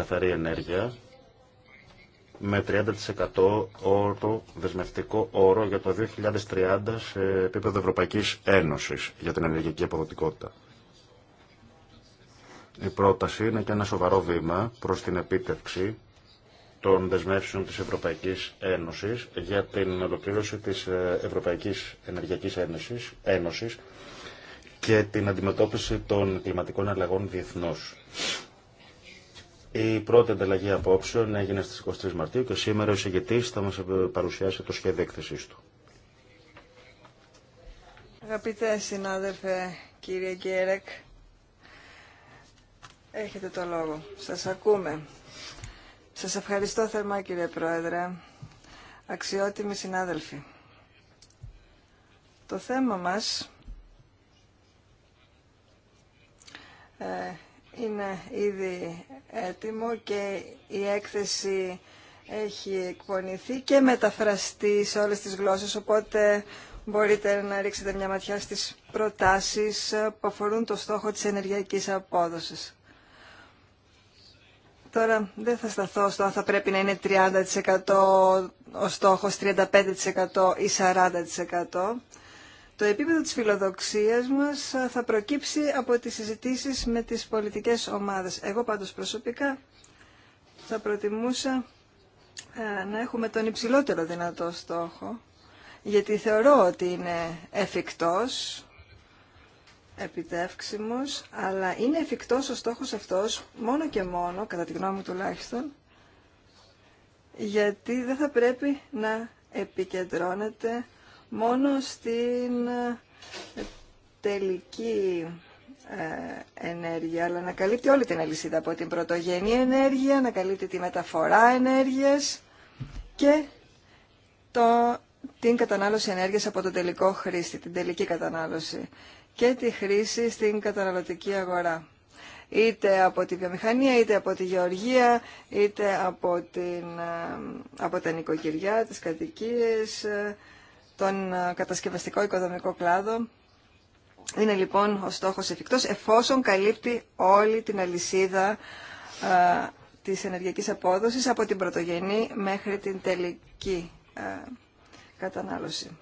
καθαρή ενέργεια με 30% όρο, δεσμευτικό όρο για το 2030 σε επίπεδο Ευρωπαϊκής Ένωσης για την ενεργειακή αποδοτικότητα. Η πρόταση είναι και ένα σοβαρό βήμα προς την επίτευξη των δεσμεύσεων της Ευρωπαϊκής Ένωσης για την ολοκλήρωση της ε, Ευρωπαϊκής Ενεργειακής Ένωσης, Ένωσης και την αντιμετώπιση των κλιματικών αλλαγών διεθνώς. Η πρώτη ανταλλαγή απόψεων έγινε στις 23 Μαρτίου και σήμερα ο συγκεκριτή θα μας παρουσιάσει το σχέδιο έκθεσής του. Αγαπητέ συνάδελφε κύριε Γκέρεκ, έχετε το λόγο. Σας ακούμε. Σας ευχαριστώ θερμά κύριε Πρόεδρε. Αξιότιμοι συνάδελφοι. Το θέμα μας ε, είναι ήδη έτοιμο και η έκθεση έχει εκπονηθεί και μεταφραστεί σε όλες τις γλώσσες, οπότε μπορείτε να ρίξετε μια ματιά στις προτάσεις που αφορούν το στόχο της ενεργειακής απόδοσης. Τώρα δεν θα σταθώ στο αν θα πρέπει να είναι 30% ο στόχος, 35% ή 40%. Το επίπεδο της φιλοδοξίας μας θα προκύψει από τις συζητήσεις με τις πολιτικές ομάδες. Εγώ πάντως προσωπικά θα προτιμούσα να έχουμε τον υψηλότερο δυνατό στόχο, γιατί θεωρώ ότι είναι εφικτός, επιτεύξιμος, αλλά είναι εφικτός ο στόχος αυτός μόνο και μόνο, κατά τη γνώμη μου τουλάχιστον, γιατί δεν θα πρέπει να επικεντρώνεται μόνο στην ε, τελική ε, ενέργεια, αλλά να καλύπτει όλη την αλυσίδα από την πρωτογενή ενέργεια, να καλύπτει τη μεταφορά ενέργειας και το, την κατανάλωση ενέργειας από τον τελικό χρήστη, την τελική κατανάλωση και τη χρήση στην καταναλωτική αγορά. Είτε από τη βιομηχανία, είτε από τη γεωργία, είτε από, την, ε, από τα νοικοκυριά, τις κατοικίες, τον ε, κατασκευαστικό οικοδομικό κλάδο. Είναι λοιπόν ο στόχος εφικτός εφόσον καλύπτει όλη την αλυσίδα α, ε, της ενεργειακής απόδοσης από την πρωτογενή μέχρι την τελική ε, κατανάλωση.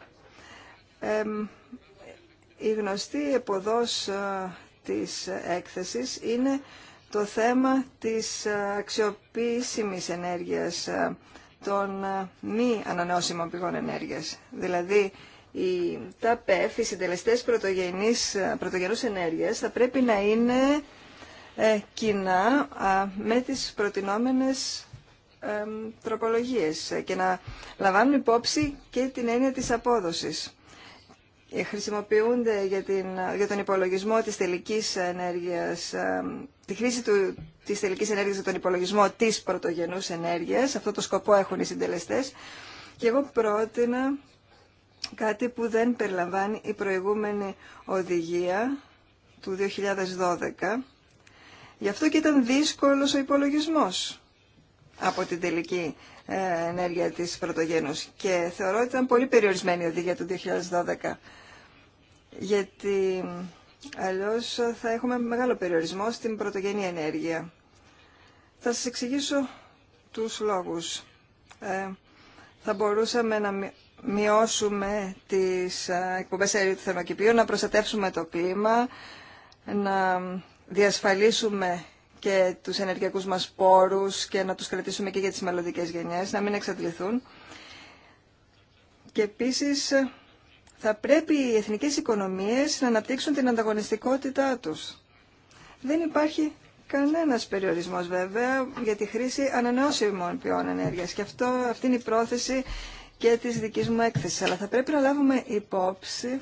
η γνωστή εποδός α, της έκθεσης είναι το θέμα της αξιοποίησιμης ενέργειας των ε, μη ανανεώσιμων πηγών ενέργειας. Δηλαδή, οι, τα οι συντελεστές πρωτογενής, ε, πρωτογενούς ενέργειας, θα πρέπει να είναι ε, κοινά με τις προτινόμενες ε, τροπολογίες και να λαμβάνουν υπόψη και την έννοια της απόδοσης. Χρησιμοποιούνται για, την, για τον υπολογισμό της τελικής ενέργειας τη χρήση του, της τελικής ενέργειας για τον υπολογισμό της πρωτογενούς ενέργειας. Αυτό το σκοπό έχουν οι συντελεστές. Και εγώ πρότεινα κάτι που δεν περιλαμβάνει η προηγούμενη οδηγία του 2012. Γι' αυτό και ήταν δύσκολος ο υπολογισμός από την τελική ε, ενέργεια της πρωτογένους. Και θεωρώ ότι ήταν πολύ περιορισμένη η οδηγία του 2012. Γιατί Αλλιώς θα έχουμε μεγάλο περιορισμό στην πρωτογενή ενέργεια. Θα σας εξηγήσω τους λόγους. Ε, θα μπορούσαμε να μειώσουμε τις ε, εκπομπές αερίου του θερμοκηπίου, να προστατεύσουμε το κλίμα, να διασφαλίσουμε και τους ενεργειακούς μας πόρους και να τους κρατήσουμε και για τις μελλοντικές γενιές, να μην εξαντληθούν. Και επίσης θα πρέπει οι εθνικές οικονομίες να αναπτύξουν την ανταγωνιστικότητά τους. Δεν υπάρχει κανένας περιορισμός βέβαια για τη χρήση ανανεώσιμων ποιών ενέργειας και αυτό, αυτή είναι η πρόθεση και της δικής μου έκθεσης. Αλλά θα πρέπει να λάβουμε υπόψη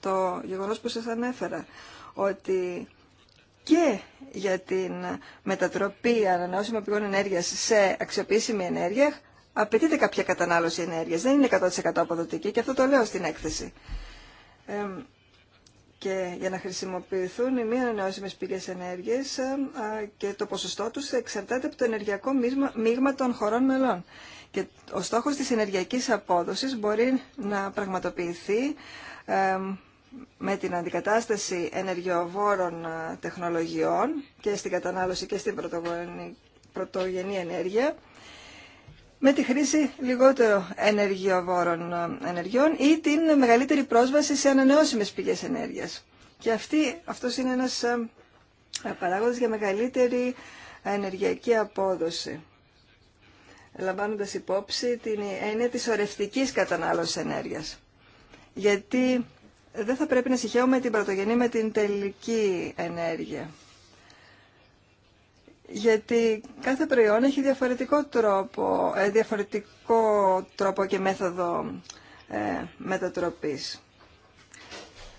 το γεγονός που σας ανέφερα, ότι και για την μετατροπή ανανεώσιμων ποιών ενέργειας σε αξιοποιήσιμη ενέργεια απαιτείται κάποια κατανάλωση ενέργειας. Δεν είναι 100% αποδοτική και αυτό το λέω στην έκθεση. Ε, και για να χρησιμοποιηθούν οι μη ανανεώσιμες πηγές ενέργειας και το ποσοστό τους εξαρτάται από το ενεργειακό μείγμα των χωρών μελών. Και ο στόχος της ενεργειακής απόδοσης μπορεί να πραγματοποιηθεί με την αντικατάσταση ενεργειοβόρων τεχνολογιών και στην κατανάλωση και στην πρωτογενή ενέργεια με τη χρήση λιγότερο ενεργειοβόρων ε, ενεργειών ή την μεγαλύτερη πρόσβαση σε ανανεώσιμες πηγές ενέργειας. Και αυτή, αυτός είναι ένας ε, παράγοντας για μεγαλύτερη ενεργειακή απόδοση λαμβάνοντας υπόψη την έννοια της ορευτικής κατανάλωσης ενέργειας. Γιατί δεν θα πρέπει να συγχαίουμε την πρωτογενή με την τελική ενέργεια γιατί κάθε προϊόν έχει διαφορετικό τρόπο, ε, διαφορετικό τρόπο και μέθοδο ε, μετατροπής.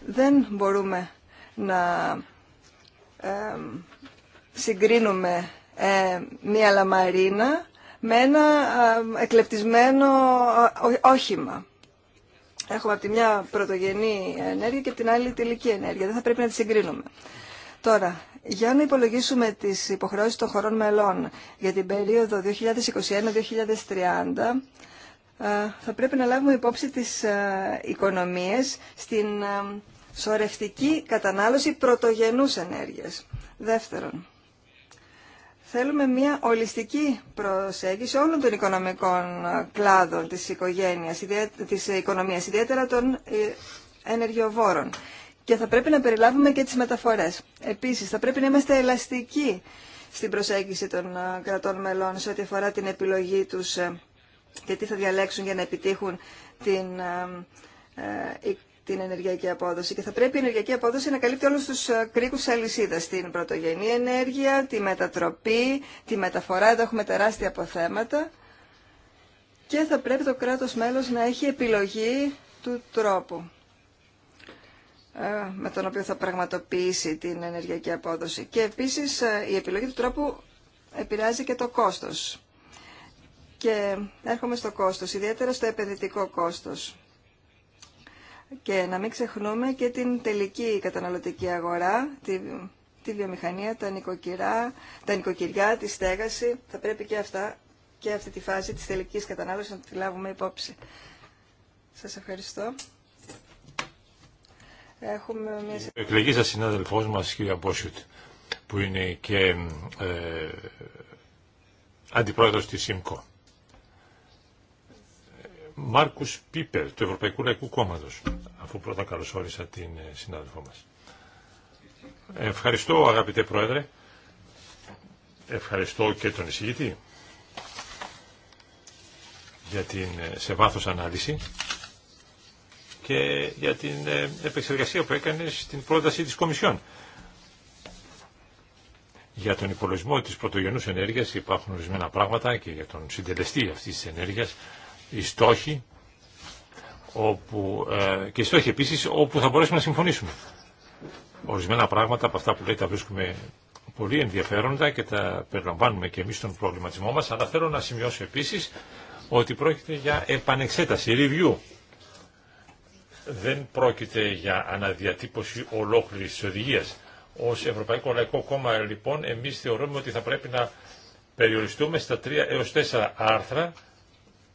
Δεν μπορούμε να ε, συγκρίνουμε ε, μία λαμαρίνα με ένα εκλεπτισμένο όχημα. Έχουμε από τη μια πρωτογενή ενέργεια και από την άλλη τελική ενέργεια. Δεν θα πρέπει να τη συγκρίνουμε. Τώρα, για να υπολογίσουμε τις υποχρεώσεις των χωρών μελών για την περίοδο 2021-2030, ε, θα πρέπει να λάβουμε υπόψη τις ε, οικονομίες στην ε, σορευτική κατανάλωση πρωτογενούς ενέργειας. Δεύτερον, θέλουμε μια ολιστική προσέγγιση όλων των οικονομικών κλάδων της, οικογένειας, της οικονομίας, ιδιαίτερα των ενεργειοβόρων και θα πρέπει να περιλάβουμε και τις μεταφορές. Επίσης, θα πρέπει να είμαστε ελαστικοί στην προσέγγιση των ε, κρατών μελών σε ό,τι αφορά την επιλογή τους ε, και τι θα διαλέξουν για να επιτύχουν την, ε, την ενεργειακή απόδοση. Και θα πρέπει η ενεργειακή απόδοση να καλύπτει όλους τους κρίκους αλυσίδα, την πρωτογενή ενέργεια, τη μετατροπή, τη μεταφορά, εδώ έχουμε τεράστια αποθέματα. Και θα πρέπει το κράτος μέλος να έχει επιλογή του τρόπου. Ε, με τον οποίο θα πραγματοποιήσει την ενεργειακή απόδοση. Και επίσης ε, η επιλογή του τρόπου επηρεάζει και το κόστος. Και έρχομαι στο κόστος, ιδιαίτερα στο επενδυτικό κόστος. Και να μην ξεχνούμε και την τελική καταναλωτική αγορά, τη, τη βιομηχανία, τα, νοικοκυρά, τα νοικοκυριά, τη στέγαση. Θα πρέπει και αυτά και αυτή τη φάση της τελικής κατανάλωσης να τη λάβουμε υπόψη. Σας ευχαριστώ. Έχουμε μια... σας συνάδελφός μας, κυρία Μπόσιουτ, που είναι και ε, αντιπρόεδρος της ΣΥΜΚΟ. Μάρκους Πίπερ, του Ευρωπαϊκού Λαϊκού Κόμματος, αφού πρώτα καλωσόρισα την ε, συνάδελφό μας. Ευχαριστώ αγαπητέ Πρόεδρε. Ευχαριστώ και τον εισηγητή για την ε, σε βάθος ανάλυση και για την ε, επεξεργασία που έκανε στην πρόταση της Κομισιόν. Για τον υπολογισμό της πρωτογενούς ενέργειας υπάρχουν ορισμένα πράγματα και για τον συντελεστή αυτής της ενέργειας, οι στόχοι όπου, ε, και οι στόχοι επίσης όπου θα μπορέσουμε να συμφωνήσουμε. Ορισμένα πράγματα από αυτά που λέει τα βρίσκουμε πολύ ενδιαφέροντα και τα περιλαμβάνουμε και εμείς στον προβληματισμό μας, αλλά θέλω να σημειώσω επίσης ότι πρόκειται για επανεξέταση, review δεν πρόκειται για αναδιατύπωση ολόκληρης της οδηγίας. Ως Ευρωπαϊκό Λαϊκό Κόμμα λοιπόν εμείς θεωρούμε ότι θα πρέπει να περιοριστούμε στα 3 έως 4 άρθρα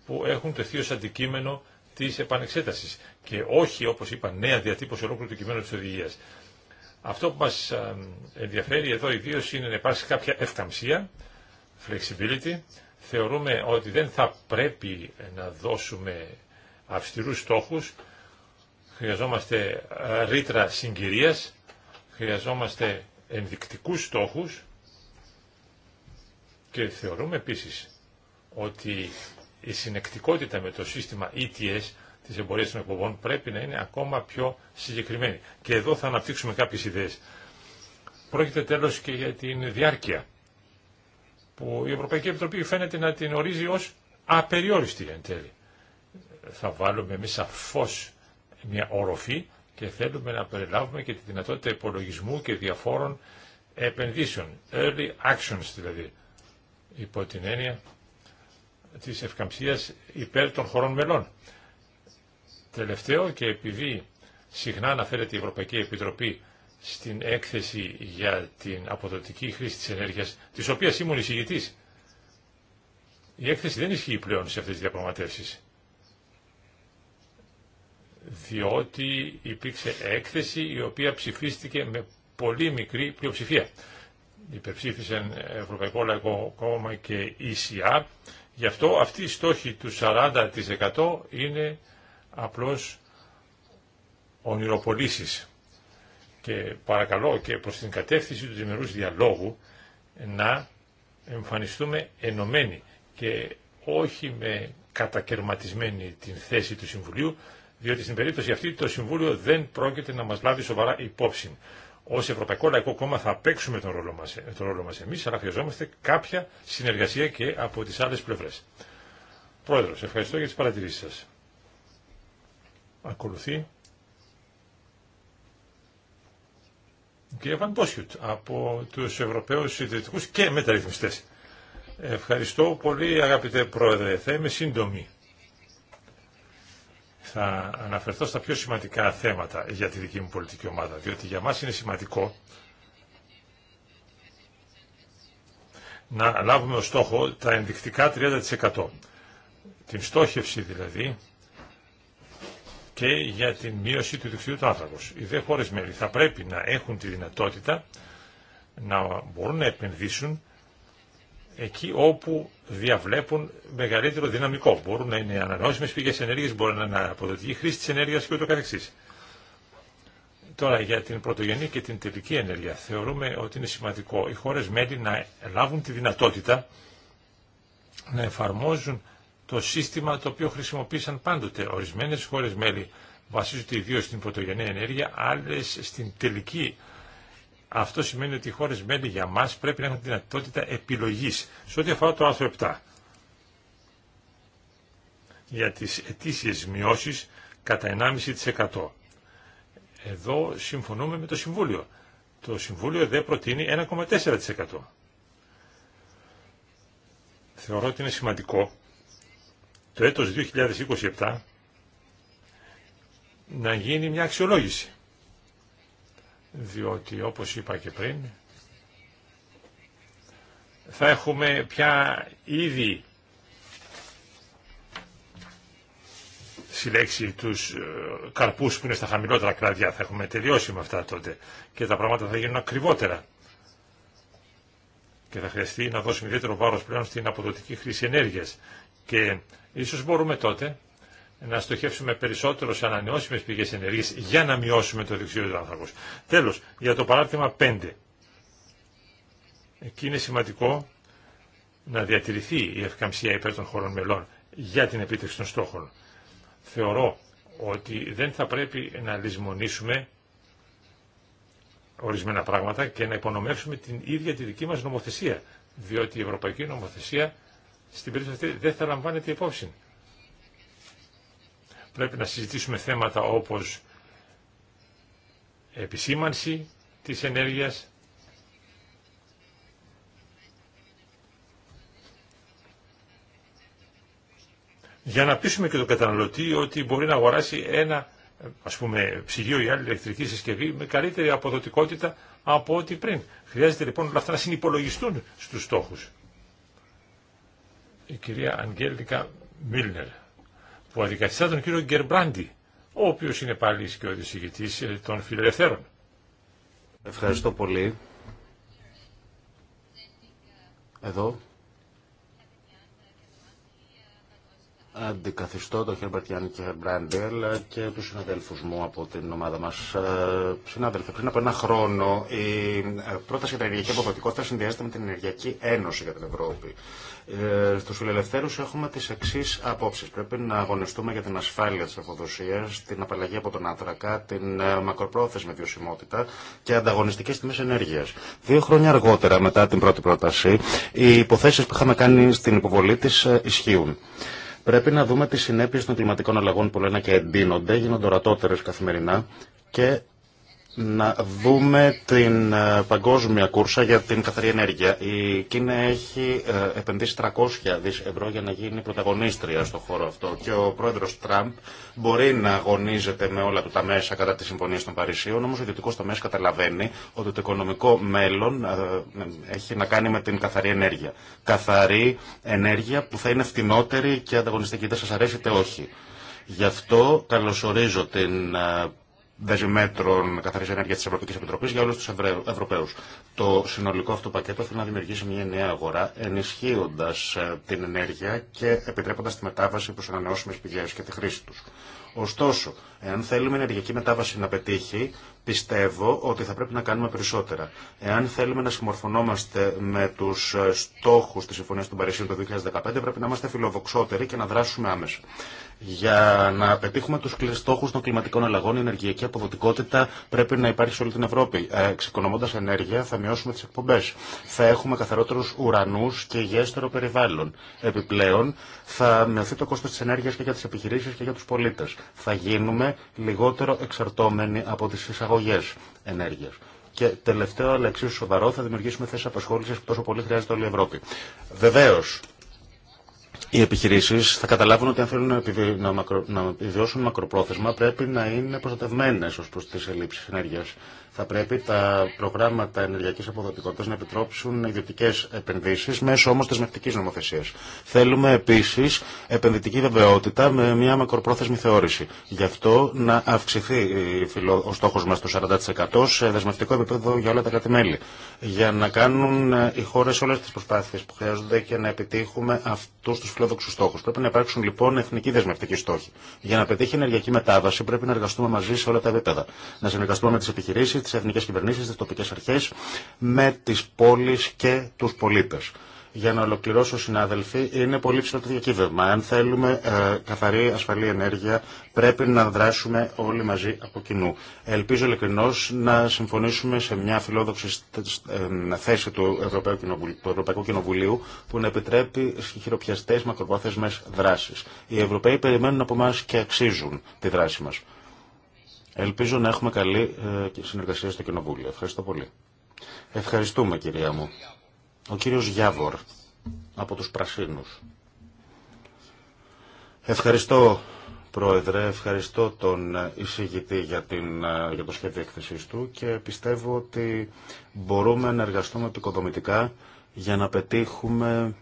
που έχουν τεθεί ως αντικείμενο τη επανεξέταση και όχι όπως είπα νέα διατύπωση ολόκληρου του κειμένου της οδηγίας. Αυτό που μας ενδιαφέρει εδώ ιδίω είναι να υπάρξει κάποια ευκαμψία, flexibility. Θεωρούμε ότι δεν θα πρέπει να δώσουμε αυστηρούς στόχους, χρειαζόμαστε ε, ρήτρα συγκυρίας, χρειαζόμαστε ενδεικτικούς στόχους και θεωρούμε επίσης ότι η συνεκτικότητα με το σύστημα ETS της εμπορίας των εκπομπών πρέπει να είναι ακόμα πιο συγκεκριμένη. Και εδώ θα αναπτύξουμε κάποιες ιδέες. Πρόκειται τέλος και για την διάρκεια που η Ευρωπαϊκή Επιτροπή φαίνεται να την ορίζει ως απεριόριστη εν τέλει. Θα βάλουμε εμείς σαφώς μια οροφή και θέλουμε να περιλάβουμε και τη δυνατότητα υπολογισμού και διαφόρων επενδύσεων, early actions δηλαδή, υπό την έννοια της ευκαμψίας υπέρ των χωρών μελών. Τελευταίο και επειδή συχνά αναφέρεται η Ευρωπαϊκή Επιτροπή στην έκθεση για την αποδοτική χρήση της ενέργειας, της οποίας ήμουν εισηγητής. Η έκθεση δεν ισχύει πλέον σε αυτές τις διαπραγματεύσεις διότι υπήρξε έκθεση η οποία ψηφίστηκε με πολύ μικρή πλειοψηφία. Υπερψήφισαν Ευρωπαϊκό Λαϊκό Κόμμα και ECR. Γι' αυτό αυτή η στόχη του 40% είναι απλώς ονειροπολίσεις. Και παρακαλώ και προς την κατεύθυνση του δημιουργούς διαλόγου να εμφανιστούμε ενωμένοι και όχι με κατακαιρματισμένη την θέση του Συμβουλίου, διότι στην περίπτωση αυτή το Συμβούλιο δεν πρόκειται να μας λάβει σοβαρά υπόψη. Ως Ευρωπαϊκό Λαϊκό Κόμμα θα παίξουμε τον ρόλο μας, τον ρόλο μας εμείς, αλλά χρειαζόμαστε κάποια συνεργασία και από τις άλλες πλευρές. Πρόεδρος, ευχαριστώ για τις παρατηρήσεις σας. Ακολουθεί. Κύριε Βανπόσιουτ, από τους Ευρωπαίους Συντηρητικούς και Μεταρρυθμιστές. Ευχαριστώ πολύ αγαπητέ Πρόεδρε. Θα είμαι σύντομη θα αναφερθώ στα πιο σημαντικά θέματα για τη δική μου πολιτική ομάδα, διότι για μας είναι σημαντικό να λάβουμε ως στόχο τα ενδεικτικά 30%. Την στόχευση δηλαδή και για την μείωση του δικτύου του άνθρακος. Οι δε χώρες μέλη θα πρέπει να έχουν τη δυνατότητα να μπορούν να επενδύσουν εκεί όπου διαβλέπουν μεγαλύτερο δυναμικό. Μπορούν να είναι ανανεώσιμε πηγές ενέργειας, μπορεί να είναι αποδοτική χρήση της ενέργειας και ούτω καθεξής. Τώρα για την πρωτογενή και την τελική ενέργεια θεωρούμε ότι είναι σημαντικό οι χώρες μέλη να λάβουν τη δυνατότητα να εφαρμόζουν το σύστημα το οποίο χρησιμοποίησαν πάντοτε. Ορισμένες χώρες μέλη βασίζονται ιδίω στην πρωτογενή ενέργεια, άλλες στην τελική αυτό σημαίνει ότι οι χώρες μέλη για μας πρέπει να έχουν δυνατότητα επιλογής σε ό,τι αφορά το άρθρο 7. Για τις ετήσιες μειώσεις κατά 1,5%. Εδώ συμφωνούμε με το Συμβούλιο. Το Συμβούλιο δεν προτείνει 1,4%. Θεωρώ ότι είναι σημαντικό το έτος 2027 να γίνει μια αξιολόγηση διότι όπως είπα και πριν θα έχουμε πια ήδη συλλέξει τους ε, καρπούς που είναι στα χαμηλότερα κραδιά. Θα έχουμε τελειώσει με αυτά τότε και τα πράγματα θα γίνουν ακριβότερα. Και θα χρειαστεί να δώσουμε ιδιαίτερο βάρος πλέον στην αποδοτική χρήση ενέργειας. Και ίσως μπορούμε τότε να στοχεύσουμε περισσότερο σε ανανεώσιμες πηγές ενέργειας για να μειώσουμε το δεξιό του άνθρακος. Τέλος, για το παράδειγμα 5. Εκεί είναι σημαντικό να διατηρηθεί η ευκαμψία υπέρ των χωρών μελών για την επίτευξη των στόχων. Θεωρώ ότι δεν θα πρέπει να λησμονήσουμε ορισμένα πράγματα και να υπονομεύσουμε την ίδια τη δική μας νομοθεσία, διότι η ευρωπαϊκή νομοθεσία στην περίπτωση αυτή δεν θα λαμβάνεται υπόψη. Πρέπει να συζητήσουμε θέματα όπως επισήμανση της ενέργειας, για να πείσουμε και τον καταναλωτή ότι μπορεί να αγοράσει ένα ας πούμε ψυγείο ή άλλη ηλεκτρική συσκευή με καλύτερη αποδοτικότητα από ό,τι πριν. Χρειάζεται λοιπόν όλα αυτά να συνυπολογιστούν στους στόχους. Η κυρία Αγγέλικα Μίλνερ που αντικαθιστά τον κύριο Γκερμπράντι, ο οποίο είναι πάλι και ο ε, των φιλελευθέρων. Ευχαριστώ πολύ. Εδώ. Αντικαθιστώ τον Χερμπερτιάννη και Μπράντι αλλά και του συναδέλφου μου από την ομάδα μα. Ε, συνάδελφοι, πριν από ένα χρόνο η ε, πρόταση για την ενεργειακή αποδοτικότητα συνδυάζεται με την Ενεργειακή Ένωση για την Ευρώπη. Ε, Στου φιλελευθέρου έχουμε τι εξή απόψει. Πρέπει να αγωνιστούμε για την ασφάλεια τη εφοδοσία, την απαλλαγή από τον άνθρακα, την ε, μακροπρόθεσμη βιωσιμότητα και ανταγωνιστικέ τιμέ ενέργεια. Δύο χρόνια αργότερα, μετά την πρώτη πρόταση, οι υποθέσει που είχαμε κάνει στην υποβολή τη ε, ισχύουν. Πρέπει να δούμε τι συνέπειε των κλιματικών αλλαγών που λένε και εντείνονται, γίνονται ορατότερε καθημερινά και να δούμε την ε, παγκόσμια κούρσα για την καθαρή ενέργεια. Η Κίνα έχει ε, επενδύσει 300 δις ευρώ για να γίνει πρωταγωνίστρια στον χώρο αυτό και ο πρόεδρος Τραμπ μπορεί να αγωνίζεται με όλα του τα μέσα κατά τη συμφωνία των Παρισίων, όμως ο ιδιωτικός τομέας καταλαβαίνει ότι το οικονομικό μέλλον ε, έχει να κάνει με την καθαρή ενέργεια. Καθαρή ενέργεια που θα είναι φτηνότερη και ανταγωνιστική, Δεν σας αρέσει όχι. Γι' αυτό καλωσορίζω την δεσμέτρων καθαρή ενέργεια τη Ευρωπαϊκή Επιτροπή για όλου του Ευρωπαίου. Το συνολικό αυτό πακέτο θέλει να δημιουργήσει μια νέα αγορά, ενισχύοντα ε, την ενέργεια και επιτρέποντα τη μετάβαση προ ανανεώσιμε πηγέ και τη χρήση του. Ωστόσο, εάν θέλουμε η ενεργειακή μετάβαση να πετύχει, πιστεύω ότι θα πρέπει να κάνουμε περισσότερα. Εάν θέλουμε να συμμορφωνόμαστε με του ε, στόχου τη Συμφωνία του Παρισίων το 2015, πρέπει να είμαστε φιλοδοξότεροι και να δράσουμε άμεσα. Για να πετύχουμε του στόχου των κλιματικών αλλαγών, η ενεργειακή αποδοτικότητα πρέπει να υπάρχει σε όλη την Ευρώπη. Εξοικονομώντα ενέργεια, θα μειώσουμε τι εκπομπέ. Θα έχουμε καθαρότερου ουρανού και υγιέστερο περιβάλλον. Επιπλέον, θα μειωθεί το κόστο τη ενέργεια και για τι επιχειρήσει και για του πολίτε. Θα γίνουμε λιγότερο εξαρτώμενοι από τι εισαγωγέ ενέργεια. Και τελευταίο, αλλά εξίσου σοβαρό, θα δημιουργήσουμε θέσει απασχόληση που τόσο πολύ χρειάζεται όλη η Ευρώπη. Βεβαίω, οι επιχειρήσει θα καταλάβουν ότι αν θέλουν να επιβιώσουν μακροπρόθεσμα πρέπει να είναι προστατευμένε ω προ τι ελλείψει ενέργεια. Θα πρέπει τα προγράμματα ενεργειακή αποδοτικότητα να επιτρόψουν ιδιωτικέ επενδύσει μέσω όμω δεσμευτική νομοθεσία. Θέλουμε επίση επενδυτική βεβαιότητα με μια μακροπρόθεσμη θεώρηση. Γι' αυτό να αυξηθεί ο στόχο μα το 40% σε δεσμευτικό επίπεδο για όλα τα κράτη-μέλη. Για να κάνουν ε, οι χώρε όλε τι προσπάθειε που χρειάζονται και να επιτύχουμε αυτού του φιλόδοξου στόχου. Πρέπει να υπάρξουν λοιπόν εθνικοί δεσμευτικοί στόχοι. Για να πετύχει ενεργειακή μετάβαση πρέπει να εργαστούμε μαζί σε όλα τα επίπεδα. Να συνεργαστούμε με τι επιχειρήσει, τι εθνικέ κυβερνήσει, τι τοπικέ αρχέ με τι πόλει και του πολίτε. Για να ολοκληρώσω, συνάδελφοι, είναι πολύ ψηλό το διακύβευμα. Αν θέλουμε ε, καθαρή, ασφαλή ενέργεια, πρέπει να δράσουμε όλοι μαζί από κοινού. Ελπίζω ειλικρινώ να συμφωνήσουμε σε μια φιλόδοξη ε, θέση του Ευρωπαϊκού, Κοινοβουλίου, του Ευρωπαϊκού Κοινοβουλίου που να επιτρέπει χειροπιαστέ μακροπρόθεσμε δράσει. Οι Ευρωπαίοι περιμένουν από εμά και αξίζουν τη δράση μα. Ελπίζω να έχουμε καλή ε, συνεργασία στο Κοινοβούλιο. Ευχαριστώ πολύ. Ευχαριστούμε κυρία μου. Ο κύριος Γιάβορ από τους Πρασίνους. Ευχαριστώ Πρόεδρε, ευχαριστώ τον ε, εισηγητή για, την, ε, για το σχέδιο έκθεσή του και πιστεύω ότι μπορούμε να εργαστούμε επικοδομητικά για να πετύχουμε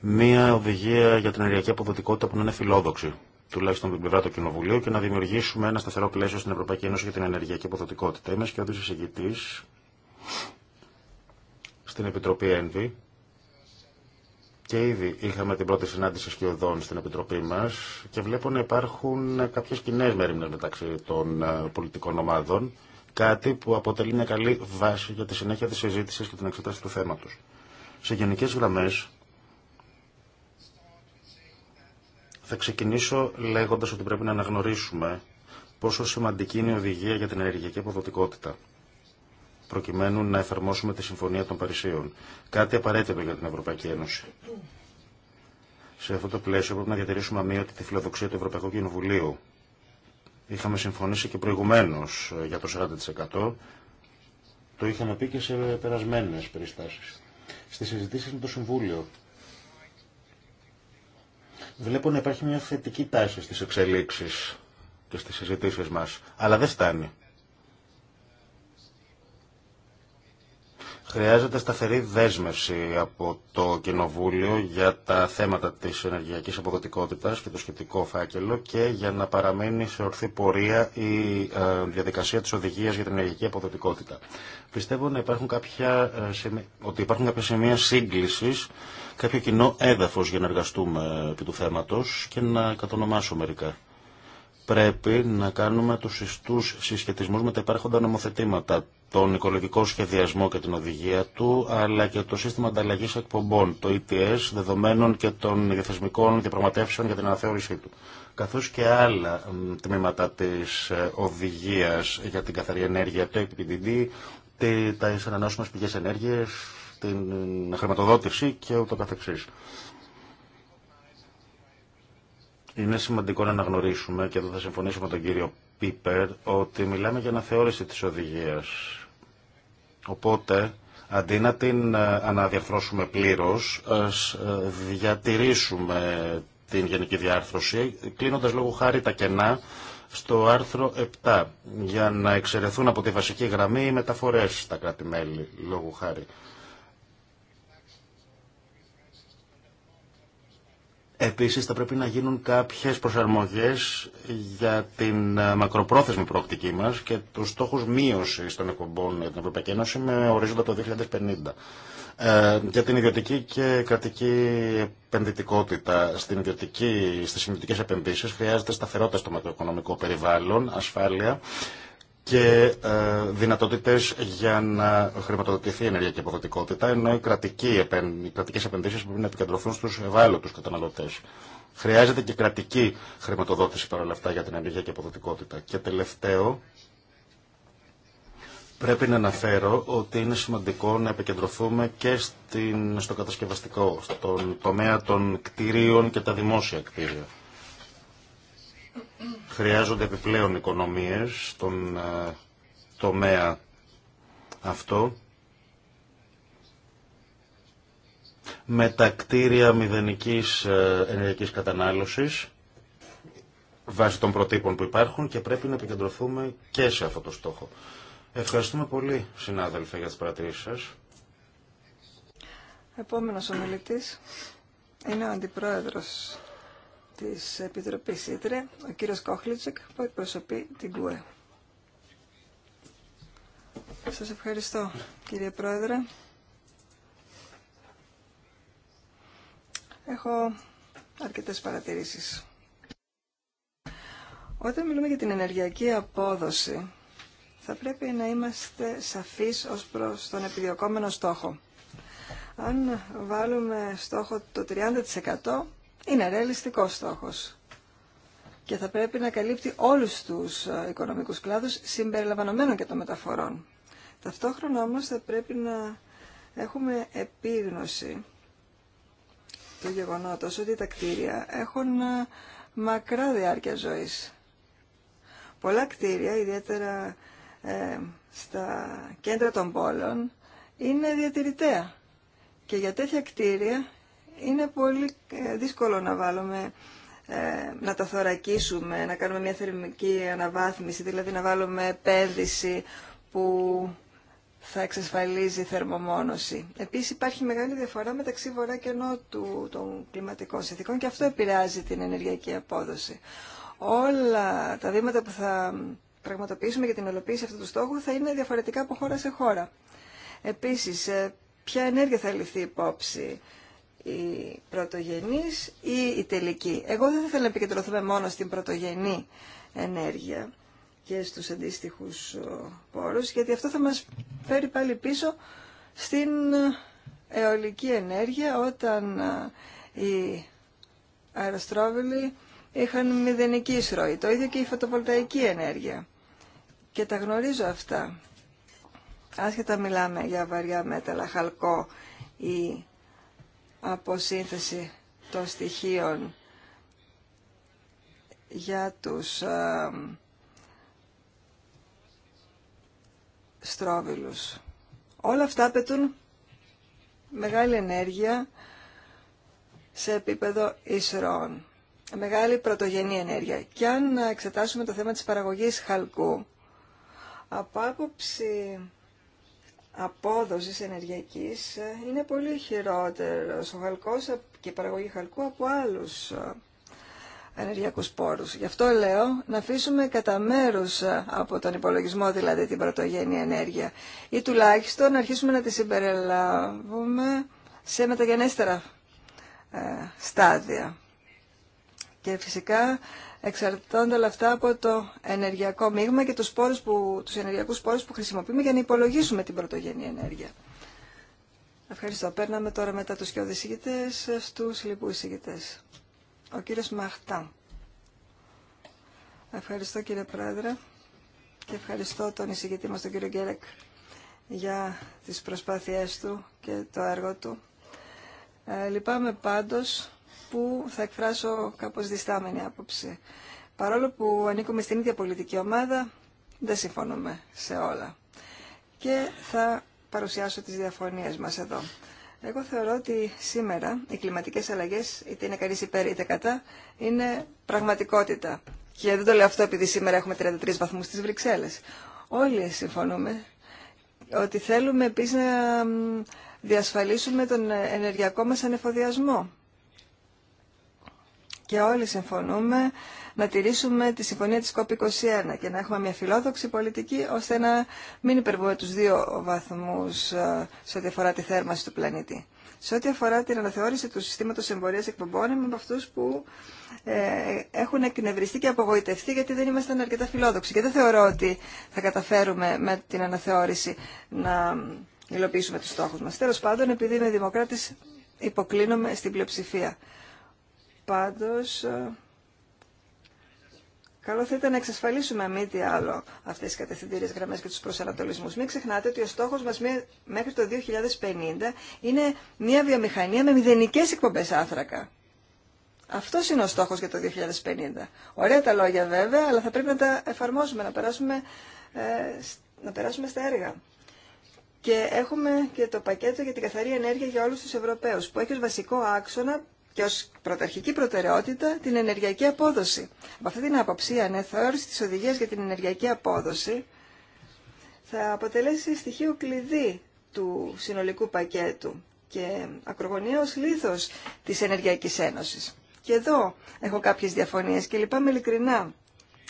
μία οδηγία για την ενεργειακή αποδοτικότητα που να είναι φιλόδοξη τουλάχιστον από την πλευρά του Κοινοβουλίου, και να δημιουργήσουμε ένα σταθερό πλαίσιο στην Ευρωπαϊκή Ένωση για την ενεργειακή αποδοτικότητα. Είμαι και ο στην Επιτροπή ΕΝΒΗ και ήδη είχαμε την πρώτη συνάντηση σκιωδών στην Επιτροπή μα και βλέπω να υπάρχουν κάποιε κοινέ μέρημνε μεταξύ των ε, πολιτικών ομάδων, κάτι που αποτελεί μια καλή βάση για τη συνέχεια τη συζήτηση και την εξετάση του θέματο. Σε γενικέ γραμμέ, Θα ξεκινήσω λέγοντας ότι πρέπει να αναγνωρίσουμε πόσο σημαντική είναι η οδηγία για την ενεργειακή αποδοτικότητα προκειμένου να εφαρμόσουμε τη Συμφωνία των Παρισίων. Κάτι απαραίτητο για την Ευρωπαϊκή Ένωση. Σε αυτό το πλαίσιο πρέπει να διατηρήσουμε αμύωτη τη φιλοδοξία του Ευρωπαϊκού Κοινοβουλίου. Είχαμε συμφωνήσει και προηγουμένω ε, για το 40%. Το είχαμε πει και σε περασμένε περιστάσει. Στι συζητήσει με το Συμβούλιο Βλέπω να υπάρχει μια θετική τάση στις εξελίξεις και στις συζητήσεις μας, αλλά δεν φτάνει. Χρειάζεται σταθερή δέσμευση από το Κοινοβούλιο για τα θέματα της ενεργειακής αποδοτικότητας και το σχετικό φάκελο και για να παραμένει σε ορθή πορεία η ε, διαδικασία της οδηγίας για την ενεργειακή αποδοτικότητα. Πιστεύω να υπάρχουν κάποια, ε, ότι υπάρχουν κάποια σημεία σύγκλησης κάποιο κοινό έδαφος για να εργαστούμε επί του θέματος και να κατονομάσω μερικά. Πρέπει να κάνουμε τους ιστούς συσχετισμούς με τα υπάρχοντα νομοθετήματα, τον οικολογικό σχεδιασμό και την οδηγία του, αλλά και το σύστημα ανταλλαγή εκπομπών, το ETS, δεδομένων και των διαθεσμικών διαπραγματεύσεων για την αναθεώρησή του. Καθώς και άλλα τμήματα τη ε, οδηγία για την καθαρή ενέργεια, το EPDD, τα ανανεώσιμε πηγέ ενέργεια, την χρηματοδότηση και ούτω καθεξής. Είναι σημαντικό να αναγνωρίσουμε και εδώ θα συμφωνήσουμε με τον κύριο Πίπερ ότι μιλάμε για αναθεώρηση της οδηγίας. Οπότε αντί να την ε, αναδιαρθρώσουμε πλήρως, ας ε, διατηρήσουμε την γενική διάρθρωση, κλείνοντας λόγω χάρη τα κενά στο άρθρο 7, για να εξαιρεθούν από τη βασική γραμμή οι μεταφορές στα κράτη-μέλη, λόγω χάρη. Επίσης θα πρέπει να γίνουν κάποιες προσαρμογές για την ε, μακροπρόθεσμη προοπτική μας και τους στόχους μείωσης των εκπομπών για την Ευρωπαϊκή Ένωση με ορίζοντα το 2050. Ε, για την ιδιωτική και κρατική επενδυτικότητα στην ιδιωτική, στις ιδιωτικές επενδύσεις χρειάζεται σταθερότητα στο μακροοικονομικό περιβάλλον, ασφάλεια και ε, δυνατότητες για να χρηματοδοτηθεί η ενεργειακή αποδοτικότητα, ενώ οι, οι κρατικές επενδύσεις πρέπει να επικεντρωθούν στους ευάλωτους καταναλωτές. Χρειάζεται και κρατική χρηματοδότηση παρόλα αυτά για την ενεργειακή αποδοτικότητα. Και τελευταίο, πρέπει να αναφέρω ότι είναι σημαντικό να επικεντρωθούμε και στην, στο κατασκευαστικό, στον τομέα των κτηρίων και τα δημόσια κτίρια. Χρειάζονται επιπλέον οικονομίες στον ε, τομέα αυτό. Με τα κτίρια μηδενικής ε, ενεργειακής κατανάλωσης βάσει των προτύπων που υπάρχουν και πρέπει να επικεντρωθούμε και σε αυτό το στόχο. Ευχαριστούμε πολύ, συνάδελφε, για τις παρατηρήσεις σας. Επόμενος ομιλητής είναι ο Αντιπρόεδρος της Επιτροπής Ήτρε, ο κύριος Κόχλιτσεκ, που εκπροσωπεί την ΚΟΕ. Σας ευχαριστώ, κύριε Πρόεδρε. Έχω αρκετές παρατηρήσεις. Όταν μιλούμε για την ενεργειακή απόδοση, θα πρέπει να είμαστε σαφείς ως προς τον επιδιωκόμενο στόχο. Αν βάλουμε στόχο το 30%, είναι ρεαλιστικός στόχος και θα πρέπει να καλύπτει όλους τους ε, οικονομικούς κλάδους συμπεριλαμβανομένων και των μεταφορών. Ταυτόχρονα όμως θα πρέπει να έχουμε επίγνωση του γεγονότος ότι τα κτίρια έχουν ε, μακρά διάρκεια ζωής. Πολλά κτίρια, ιδιαίτερα ε, στα κέντρα των πόλων, είναι διατηρηταία. Και για τέτοια κτίρια είναι πολύ ε, δύσκολο να βάλουμε, ε, να τα θωρακίσουμε, να κάνουμε μια θερμική αναβάθμιση, δηλαδή να βάλουμε επένδυση που θα εξασφαλίζει θερμομόνωση. Επίσης υπάρχει μεγάλη διαφορά μεταξύ βορρά και νότου των κλιματικών συνθήκων και αυτό επηρεάζει την ενεργειακή απόδοση. Όλα τα βήματα που θα πραγματοποιήσουμε για την ολοποίηση αυτού του στόχου θα είναι διαφορετικά από χώρα σε χώρα. Επίσης, ε, ποια ενέργεια θα ληφθεί υπόψη, η πρωτογενής ή η τελική. Εγώ δεν θα ήθελα να επικεντρωθούμε μόνο στην πρωτογενή ενέργεια και στους αντίστοιχους πόρους, γιατί αυτό θα μας φέρει πάλι πίσω στην ε, αιωλική ενέργεια, όταν ε, οι αεροστρόβιλοι είχαν μηδενική ισροή. Το ίδιο και η φωτοβολταϊκή ενέργεια. Και τα γνωρίζω αυτά. Άσχετα μιλάμε για βαριά μέταλλα, χαλκό ή αποσύνθεση των στοιχείων για τους α, ε, στρόβιλους. Όλα αυτά απαιτούν μεγάλη ενέργεια σε επίπεδο ισρών. Μεγάλη πρωτογενή ενέργεια. Και αν εξετάσουμε το θέμα της παραγωγής χαλκού, από άποψη απόδοσης ενεργειακής ε, είναι πολύ χειρότερος ο χαλκός και η παραγωγή χαλκού από άλλους ε, ενεργειακούς πόρους. Γι' αυτό λέω να αφήσουμε κατά μέρου ε, από τον υπολογισμό δηλαδή την πρωτογενή ενέργεια ή τουλάχιστον να αρχίσουμε να τη συμπεριλάβουμε σε μεταγενέστερα στάδια. Και φυσικά εξαρτώνται όλα αυτά από το ενεργειακό μείγμα και τους, πόρους που, τους ενεργειακούς πόρους που χρησιμοποιούμε για να υπολογίσουμε την πρωτογενή ενέργεια. Ευχαριστώ. Παίρναμε τώρα μετά τους και οδησίγητες στους λοιπούς εισηγητές. Ο κύριος Μαχτά. Ευχαριστώ κύριε Πρόεδρε και ευχαριστώ τον εισηγητή μας τον κύριο Γκέρεκ για τις προσπάθειές του και το έργο του. Ε, λυπάμαι πάντως που θα εκφράσω κάπως διστάμενη άποψη. Παρόλο που ανήκουμε στην ίδια πολιτική ομάδα, δεν συμφωνούμε σε όλα. Και θα παρουσιάσω τις διαφωνίες μας εδώ. Εγώ θεωρώ ότι σήμερα οι κλιματικές αλλαγές, είτε είναι κανείς υπέρ είτε κατά, είναι πραγματικότητα. Και δεν το λέω αυτό επειδή σήμερα έχουμε 33 βαθμούς στις Βρυξέλλες. Όλοι συμφωνούμε ότι θέλουμε επίσης να διασφαλίσουμε τον ενεργειακό μας ανεφοδιασμό και όλοι συμφωνούμε να τηρήσουμε τη συμφωνία της COP21 και να έχουμε μια φιλόδοξη πολιτική ώστε να μην υπερβούμε τους δύο βαθμούς ε, σε ό,τι αφορά τη θέρμανση του πλανήτη. Σε ό,τι αφορά την αναθεώρηση του συστήματος εμπορίας εκπομπών, είμαι από αυτούς που ε, έχουν εκνευριστεί και απογοητευτεί γιατί δεν ήμασταν αρκετά φιλόδοξοι και δεν θεωρώ ότι θα καταφέρουμε με την αναθεώρηση να υλοποιήσουμε τους στόχους μας. Τέλος πάντων, επειδή είμαι δημοκράτης, υποκλίνομαι στην πλειοψηφία. Πάντως, ε, καλό θα ήταν να εξασφαλίσουμε μη τι άλλο αυτές τις κατευθυντήριες γραμμές και τους προσανατολισμούς. Μην ξεχνάτε ότι ο στόχος μας μέχρι το 2050 είναι μια βιομηχανία με μηδενικές εκπομπές άθρακα. Αυτό είναι ο στόχο για το 2050. Ωραία τα λόγια βέβαια, αλλά θα πρέπει να τα εφαρμόσουμε, να περάσουμε, ε, να περάσουμε στα έργα. Και έχουμε και το πακέτο για την καθαρή ενέργεια για όλου του Ευρωπαίου, που έχει ως βασικό άξονα και ως πρωταρχική προτεραιότητα την ενεργειακή απόδοση. Από αυτή την άποψη, η τη της οδηγίας για την ενεργειακή απόδοση θα αποτελέσει στοιχείο κλειδί του συνολικού πακέτου και ακρογωνιαίος λίθος της Ενεργειακής Ένωσης. Και εδώ έχω κάποιες διαφωνίες και λυπάμαι ειλικρινά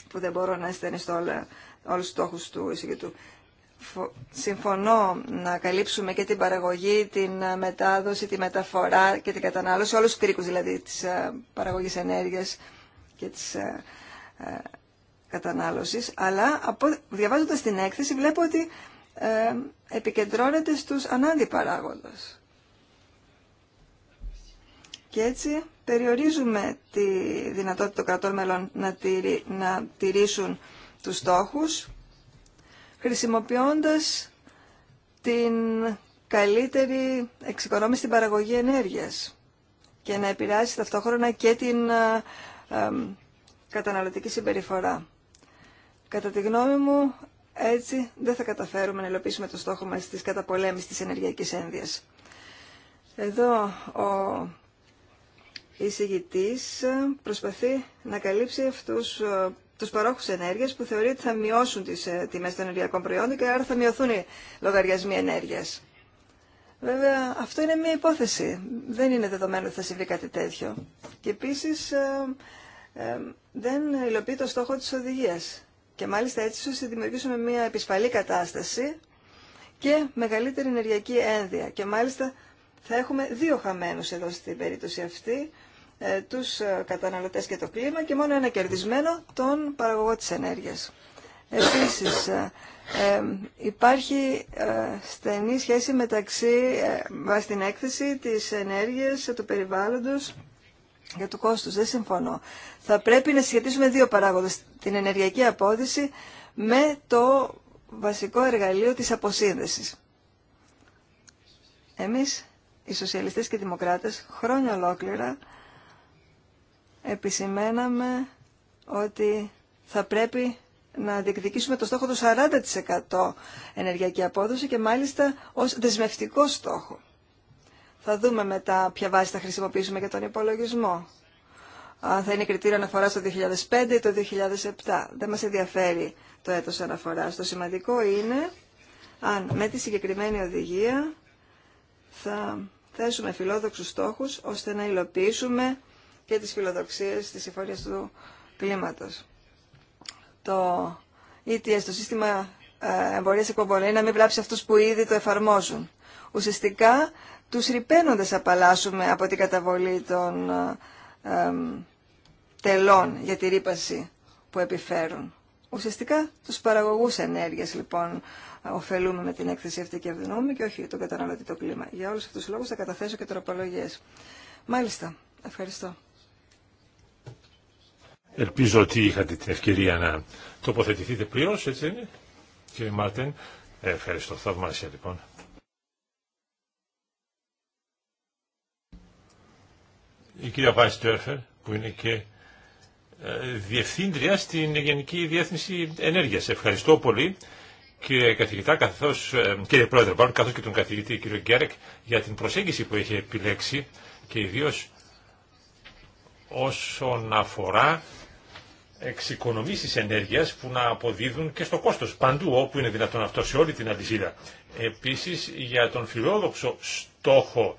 που δεν μπορώ να ασθενιστώ όλους τους στόχους του εισηγητού συμφωνώ να καλύψουμε και την παραγωγή, την ε, μετάδοση, τη μεταφορά και την κατανάλωση, όλους τους κρίκους δηλαδή της ε, παραγωγής ενέργειας και της ε, κατανάλωσης, αλλά από, διαβάζοντας την έκθεση βλέπω ότι επικεντρώνεται στους ανάντι Και έτσι περιορίζουμε τη δυνατότητα των κρατών μελών να, τηρήσουν τους στόχους χρησιμοποιώντας την καλύτερη εξοικονόμηση στην παραγωγή ενέργειας και να επηρεάσει ταυτόχρονα και την ε, καταναλωτική συμπεριφορά. Κατά τη γνώμη μου, έτσι δεν θα καταφέρουμε να υλοποιήσουμε το στόχο μας της καταπολέμησης της ενεργειακής ένδυας. Εδώ ο εισηγητής προσπαθεί να καλύψει αυτούς ε, του παρόχου ενέργεια που θεωρεί ότι θα μειώσουν τι ε, τιμέ των ενεργειακών προϊόντων και άρα θα μειωθούν οι λογαριασμοί ενέργεια. Βέβαια, αυτό είναι μια υπόθεση. Δεν είναι δεδομένο ότι θα συμβεί κάτι τέτοιο. Και επίση ε, ε, δεν υλοποιεί το στόχο τη οδηγία. Και μάλιστα έτσι ώστε δημιουργήσουμε μια επισφαλή κατάσταση και μεγαλύτερη ενεργειακή ένδυα. Και μάλιστα θα έχουμε δύο χαμένους εδώ στην περίπτωση αυτή ε, τους ε, καταναλωτές και το κλίμα και μόνο ένα κερδισμένο τον παραγωγό της ενέργειας. Επίσης, ε, υπάρχει στενή σχέση μεταξύ, ε, την έκθεση, της ενέργειας, του περιβάλλοντος για του κόστους. Δεν συμφωνώ. Θα πρέπει να σχετίσουμε δύο παράγοντες. Την ενεργειακή απόδυση με το βασικό εργαλείο της αποσύνδεσης. Εμείς, οι σοσιαλιστές και οι δημοκράτες, χρόνια ολόκληρα επισημέναμε ότι θα πρέπει να διεκδικήσουμε το στόχο του 40% ενεργειακή απόδοση και μάλιστα ως δεσμευτικό στόχο. Θα δούμε μετά ποια βάση θα χρησιμοποιήσουμε για τον υπολογισμό. Αν θα είναι κριτήριο αναφορά το 2005 ή το 2007. Δεν μας ενδιαφέρει το έτος αναφοράς. Το σημαντικό είναι αν με τη συγκεκριμένη οδηγία θα θέσουμε φιλόδοξους στόχους ώστε να υλοποιήσουμε και τις φιλοδοξίες της συμφωνίας του κλίματος. Το ETS, το σύστημα ε, εμπορίας εκπομπών, είναι να μην βλάψει αυτούς που ήδη το εφαρμόζουν. Ουσιαστικά, τους ρηπαίνοντες απαλλάσσουμε από την καταβολή των ε, ε, τελών για τη ρήπαση που επιφέρουν. Ουσιαστικά, τους παραγωγούς ενέργειας, λοιπόν, ωφελούμε με την έκθεση αυτή και ευδυνούμε και όχι τον καταναλωτή το κλίμα. Για όλους αυτούς τους λόγους θα καταθέσω και τροπολογίες. Μάλιστα. Ευχαριστώ. Ελπίζω ότι είχατε την ευκαιρία να τοποθετηθείτε πλήρω, έτσι είναι. Κύριε Μάρτεν, ευχαριστώ. Θαυμάσια λοιπόν. Η κυρία Στέρφερ, που είναι και ε, διευθύντρια στην Γενική Διεύθυνση Ενέργειας. Ευχαριστώ πολύ κύριε καθηγητά, καθώς, ε, κύριε πρόεδρε πάνω, καθώς και τον καθηγητή κύριο Γκέρεκ για την προσέγγιση που έχει επιλέξει και ιδίως όσον αφορά εξοικονομήσεις ενέργειας που να αποδίδουν και στο κόστος παντού όπου είναι δυνατόν αυτό σε όλη την αλυσίδα. Επίσης για τον φιλόδοξο στόχο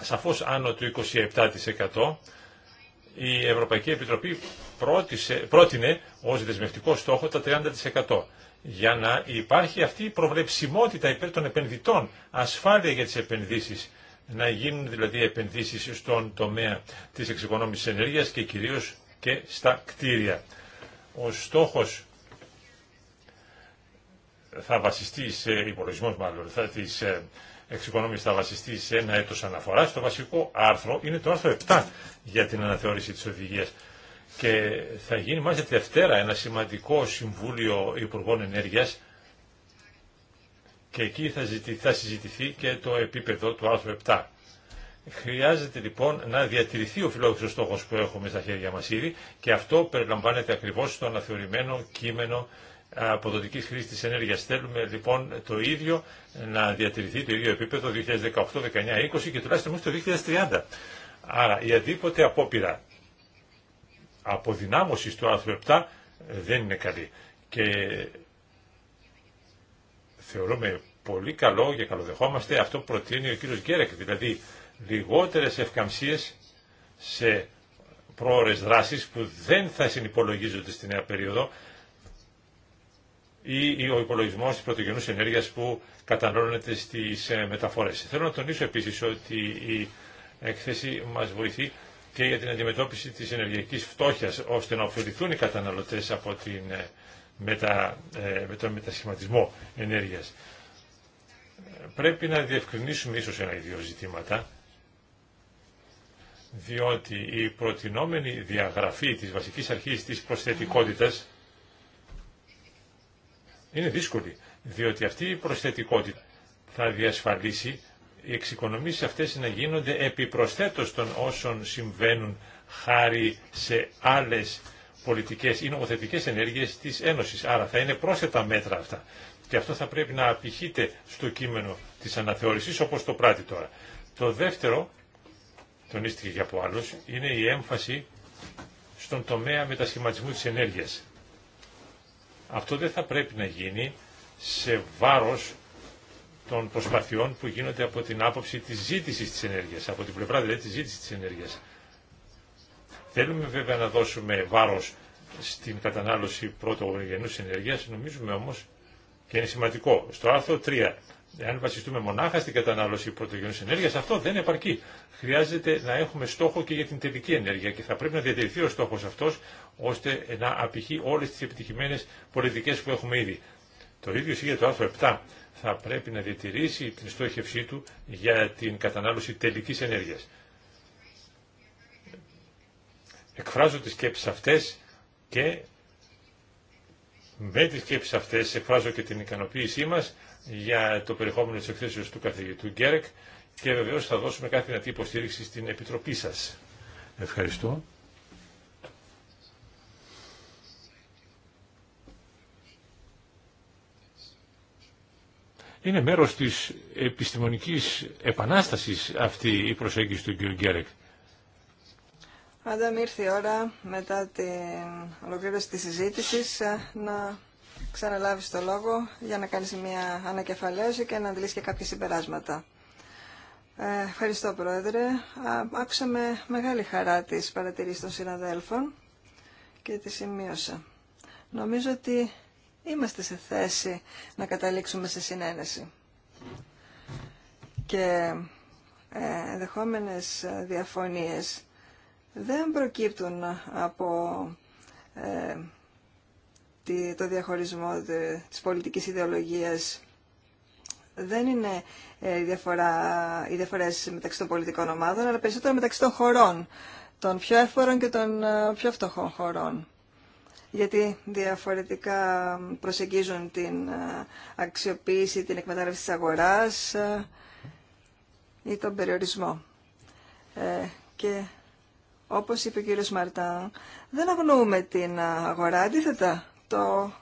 σαφώς άνω του 27% η Ευρωπαϊκή Επιτροπή πρότισε, πρότεινε ως δεσμευτικό στόχο τα 30% για να υπάρχει αυτή η προβλεψιμότητα υπέρ των επενδυτών, ασφάλεια για τις επενδύσεις, να γίνουν δηλαδή επενδύσεις στον τομέα της εξοικονόμησης ενέργειας και κυρίως και στα κτίρια. Ο στόχος θα βασιστεί σε υπολογισμό μάλλον, θα της ε, εξοικονόμηση θα βασιστεί σε ένα έτος αναφοράς. Το βασικό άρθρο είναι το άρθρο 7 για την αναθεώρηση της οδηγίας. Και θα γίνει μάλιστα Δευτέρα ένα σημαντικό Συμβούλιο Υπουργών Ενέργειας και εκεί θα, συζητηθεί και το επίπεδο του άρθρου 7. Χρειάζεται λοιπόν να διατηρηθεί ο φιλόδοξο στόχο που έχουμε στα χέρια μα ήδη και αυτό περιλαμβάνεται ακριβώ στο αναθεωρημένο κείμενο αποδοτική χρήση τη ενέργεια. Θέλουμε λοιπόν το ίδιο να διατηρηθεί το ίδιο επίπεδο 2018, 19, 20 και τουλάχιστον μέχρι το 2030. Άρα η αντίποτε απόπειρα αποδυνάμωση του άρθρου 7 δεν είναι καλή. Και θεωρούμε πολύ καλό και καλοδεχόμαστε αυτό που προτείνει ο κύριος Γκέρεκ, δηλαδή λιγότερες ευκαμψίες σε πρόορες δράσεις που δεν θα συνυπολογίζονται στη νέα περίοδο ή ο υπολογισμό τη πρωτογενούς ενέργειας που κατανώνεται στις ε, μεταφορές. Θέλω να τονίσω επίσης ότι η ο υπολογισμο τη πρωτογενους ενεργειας που καταναλωνεται στις μεταφορες θελω να τονισω επισης οτι η εκθεση μας βοηθεί και για την αντιμετώπιση της ενεργειακής φτώχειας, ώστε να ωφεληθούν οι καταναλωτές από την, ε, μετα, ε, με τον μετασχηματισμό ενέργειας. Πρέπει να διευκρινίσουμε ίσως ένα ή ζητήματα διότι η προτινόμενη διαγραφή της βασικής αρχής της προσθετικότητας είναι δύσκολη, διότι αυτή η προσθετικότητα θα διασφαλίσει οι εξοικονομήσεις αυτές να γίνονται επιπροσθέτως των όσων συμβαίνουν χάρη σε άλλες πολιτικές ή νομοθετικές ενέργειες της Ένωσης. Άρα θα είναι πρόσθετα μέτρα αυτά. Και αυτό θα πρέπει να απηχείται στο κείμενο της αναθεώρησης όπως το πράττει τώρα. Το δεύτερο τονίστηκε και από άλλους, είναι η έμφαση στον τομέα μετασχηματισμού της ενέργειας. Αυτό δεν θα πρέπει να γίνει σε βάρος των προσπαθειών που γίνονται από την άποψη της ζήτησης της ενέργειας, από την πλευρά δηλαδή της ζήτησης της ενέργειας. Θέλουμε βέβαια να δώσουμε βάρος στην κατανάλωση γενού ενέργειας, νομίζουμε όμως και είναι σημαντικό. Στο άρθρο 3 Εάν βασιστούμε μονάχα στην κατανάλωση πρωτογενούς ενέργεια, αυτό δεν επαρκεί. Χρειάζεται να έχουμε στόχο και για την τελική ενέργεια και θα πρέπει να διατηρηθεί ο στόχο αυτό, ώστε να απηχεί όλε τι επιτυχημένε πολιτικέ που έχουμε ήδη. Το ίδιο ισχύει για το άρθρο 7. Θα πρέπει να διατηρήσει την στόχευσή του για την κατανάλωση τελική ενέργεια. Εκφράζω τι σκέψει αυτέ και με τι σκέψει αυτέ εκφράζω και την ικανοποίησή μα για το περιεχόμενο της εκθέσεως του καθηγητού Γκέρεκ και βεβαίως θα δώσουμε κάθε δυνατή υποστήριξη στην Επιτροπή σας. Ευχαριστώ. Είναι μέρος της επιστημονικής επανάστασης αυτή η προσέγγιση του κ. Γκέρεκ. Άντα ήρθε η ώρα μετά την ολοκλήρωση της συζήτησης να ξαναλάβεις το λόγο για να κάνεις μια ανακεφαλαίωση και να αντιλήσει και κάποια συμπεράσματα. Ε, ευχαριστώ Πρόεδρε. Άκουσα με μεγάλη χαρά τις παρατηρήσεις των συναδέλφων και τις σημείωσα. Νομίζω ότι είμαστε σε θέση να καταλήξουμε σε συνένεση. Και ε, ενδεχόμενες διαφωνίες δεν προκύπτουν από ε, το διαχωρισμό της πολιτικής ιδεολογίας. Δεν είναι ε, διαφορά, οι διαφορές μεταξύ των πολιτικών ομάδων, αλλά περισσότερο μεταξύ των χωρών, των πιο εύφορων και των ε, πιο φτωχών χωρών. Γιατί διαφορετικά προσεγγίζουν την ε, αξιοποίηση, την εκμετάλλευση της αγοράς ή τον περιορισμό. και όπως είπε ο κύριος Μαρτάν, δεν αγνοούμε την αγορά, αντίθετα το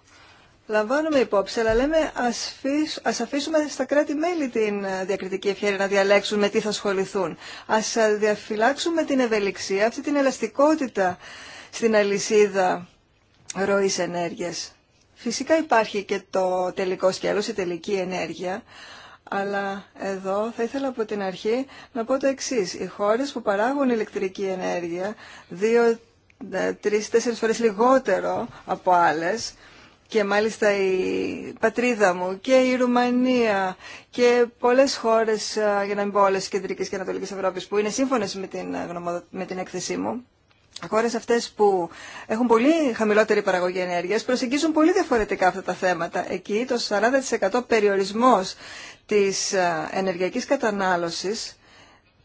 λαμβάνουμε υπόψη, αλλά λέμε ας, αφήσουμε, στα κράτη-μέλη την ε, διακριτική ευχαίρεια να διαλέξουν με τι θα ασχοληθούν. Ας ε, διαφυλάξουμε την ευελιξία, αυτή την ελαστικότητα στην αλυσίδα ροής ενέργειας. Φυσικά υπάρχει και το τελικό σκέλος, η τελική ενέργεια, αλλά εδώ θα ήθελα από την αρχή να πω το εξή. Οι χώρες που παράγουν ηλεκτρική ενέργεια, διότι ε, Τρει-τέσσερι φορές λιγότερο από άλλε. και μάλιστα η πατρίδα μου και η Ρουμανία και πολλές χώρες, ε, για να μην πω όλες, κεντρικής και ανατολικής Ευρώπης που είναι σύμφωνες με την, ε, με την έκθεσή μου, Χώρε αυτές που έχουν πολύ χαμηλότερη παραγωγή ενέργειας προσεγγίζουν πολύ διαφορετικά αυτά τα θέματα. Εκεί το 40% περιορισμό τη ενεργειακή κατανάλωση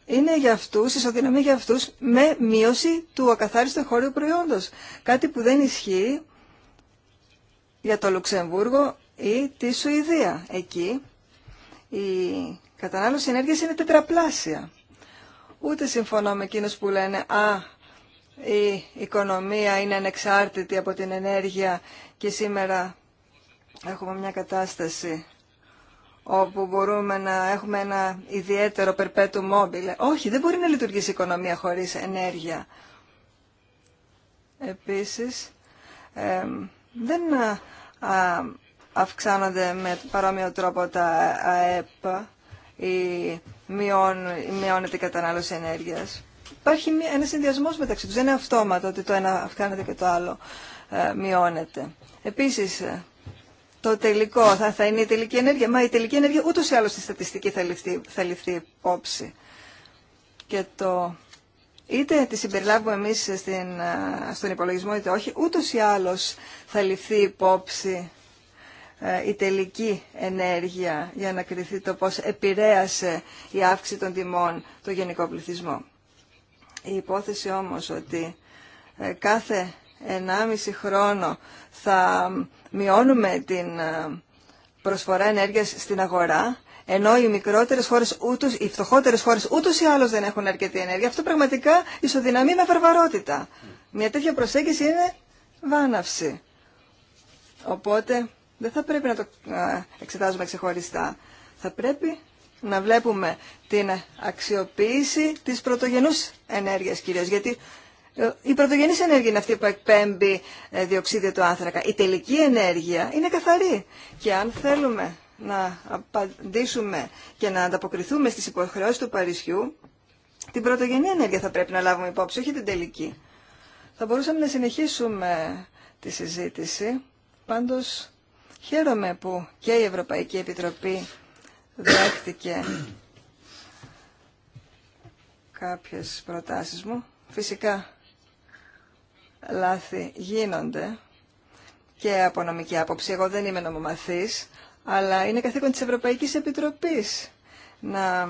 είναι για αυτούς, ισοδυναμία για αυτούς με μείωση του ακαθάριστου χώρου προϊόντος. Κάτι που δεν ισχύει για το Λουξεμβούργο ή τη Σουηδία. Εκεί η κατανάλωση ενέργειας είναι τετραπλάσια. Ούτε συμφωνώ με εκείνους που λένε «Α, η οικονομία είναι ανεξάρτητη από την ενέργεια και σήμερα έχουμε μια κατάσταση όπου μπορούμε να έχουμε ένα ιδιαίτερο περπέτου μόμπιλε. Όχι, δεν μπορεί να λειτουργήσει η οικονομία χωρίς ενέργεια. Επίσης, δεν α, αυξάνονται με παρόμοιο τρόπο τα ΑΕΠ ή μειών, μειώνεται η κατανάλωση ενέργειας. Υπάρχει ένα συνδυασμό μεταξύ τους. Δεν είναι αυτόματο ότι το ένα αυξάνεται και το άλλο ε, μειώνεται. Επίσης, το τελικό, θα, θα είναι η τελική ενέργεια. Μα η τελική ενέργεια ούτως ή άλλως στη στατιστική θα ληφθεί, θα ληφθεί υπόψη. Και το είτε τη συμπεριλάβουμε εμείς στον υπολογισμό είτε όχι, ούτως ή άλλως θα ληφθεί υπόψη ε, η τελική ενέργεια για να κριθεί το πώς επηρέασε η αύξηση των τιμών το γενικό πληθυσμό. Η υπόθεση όμως ότι ε, κάθε ενάμιση χρόνο θα μειώνουμε την ε, προσφορά ενέργειας στην αγορά, ενώ οι μικρότερες χώρες, ούτως, οι φτωχότερες χώρες ούτως ή άλλως δεν έχουν αρκετή ενέργεια. Αυτό πραγματικά ισοδυναμεί με βαρβαρότητα. Μια τέτοια προσέγγιση είναι βάναυση. Οπότε δεν θα πρέπει να το ε, εξετάζουμε ξεχωριστά. Θα πρέπει να βλέπουμε την αξιοποίηση της πρωτογενούς ενέργειας κυρίως, γιατί η πρωτογενής ενέργεια είναι αυτή που εκπέμπει ε, διοξίδιο του άνθρακα. Η τελική ενέργεια είναι καθαρή. Και αν θέλουμε να απαντήσουμε και να ανταποκριθούμε στις υποχρεώσεις του Παρισιού, την πρωτογενή ενέργεια θα πρέπει να λάβουμε υπόψη, όχι την τελική. Θα μπορούσαμε να συνεχίσουμε τη συζήτηση. Πάντως χαίρομαι που και η Ευρωπαϊκή Επιτροπή δέχτηκε κάποιες προτάσεις μου. Φυσικά λάθη γίνονται και από νομική άποψη. Εγώ δεν είμαι νομομαθής, αλλά είναι καθήκον της Ευρωπαϊκής Επιτροπής να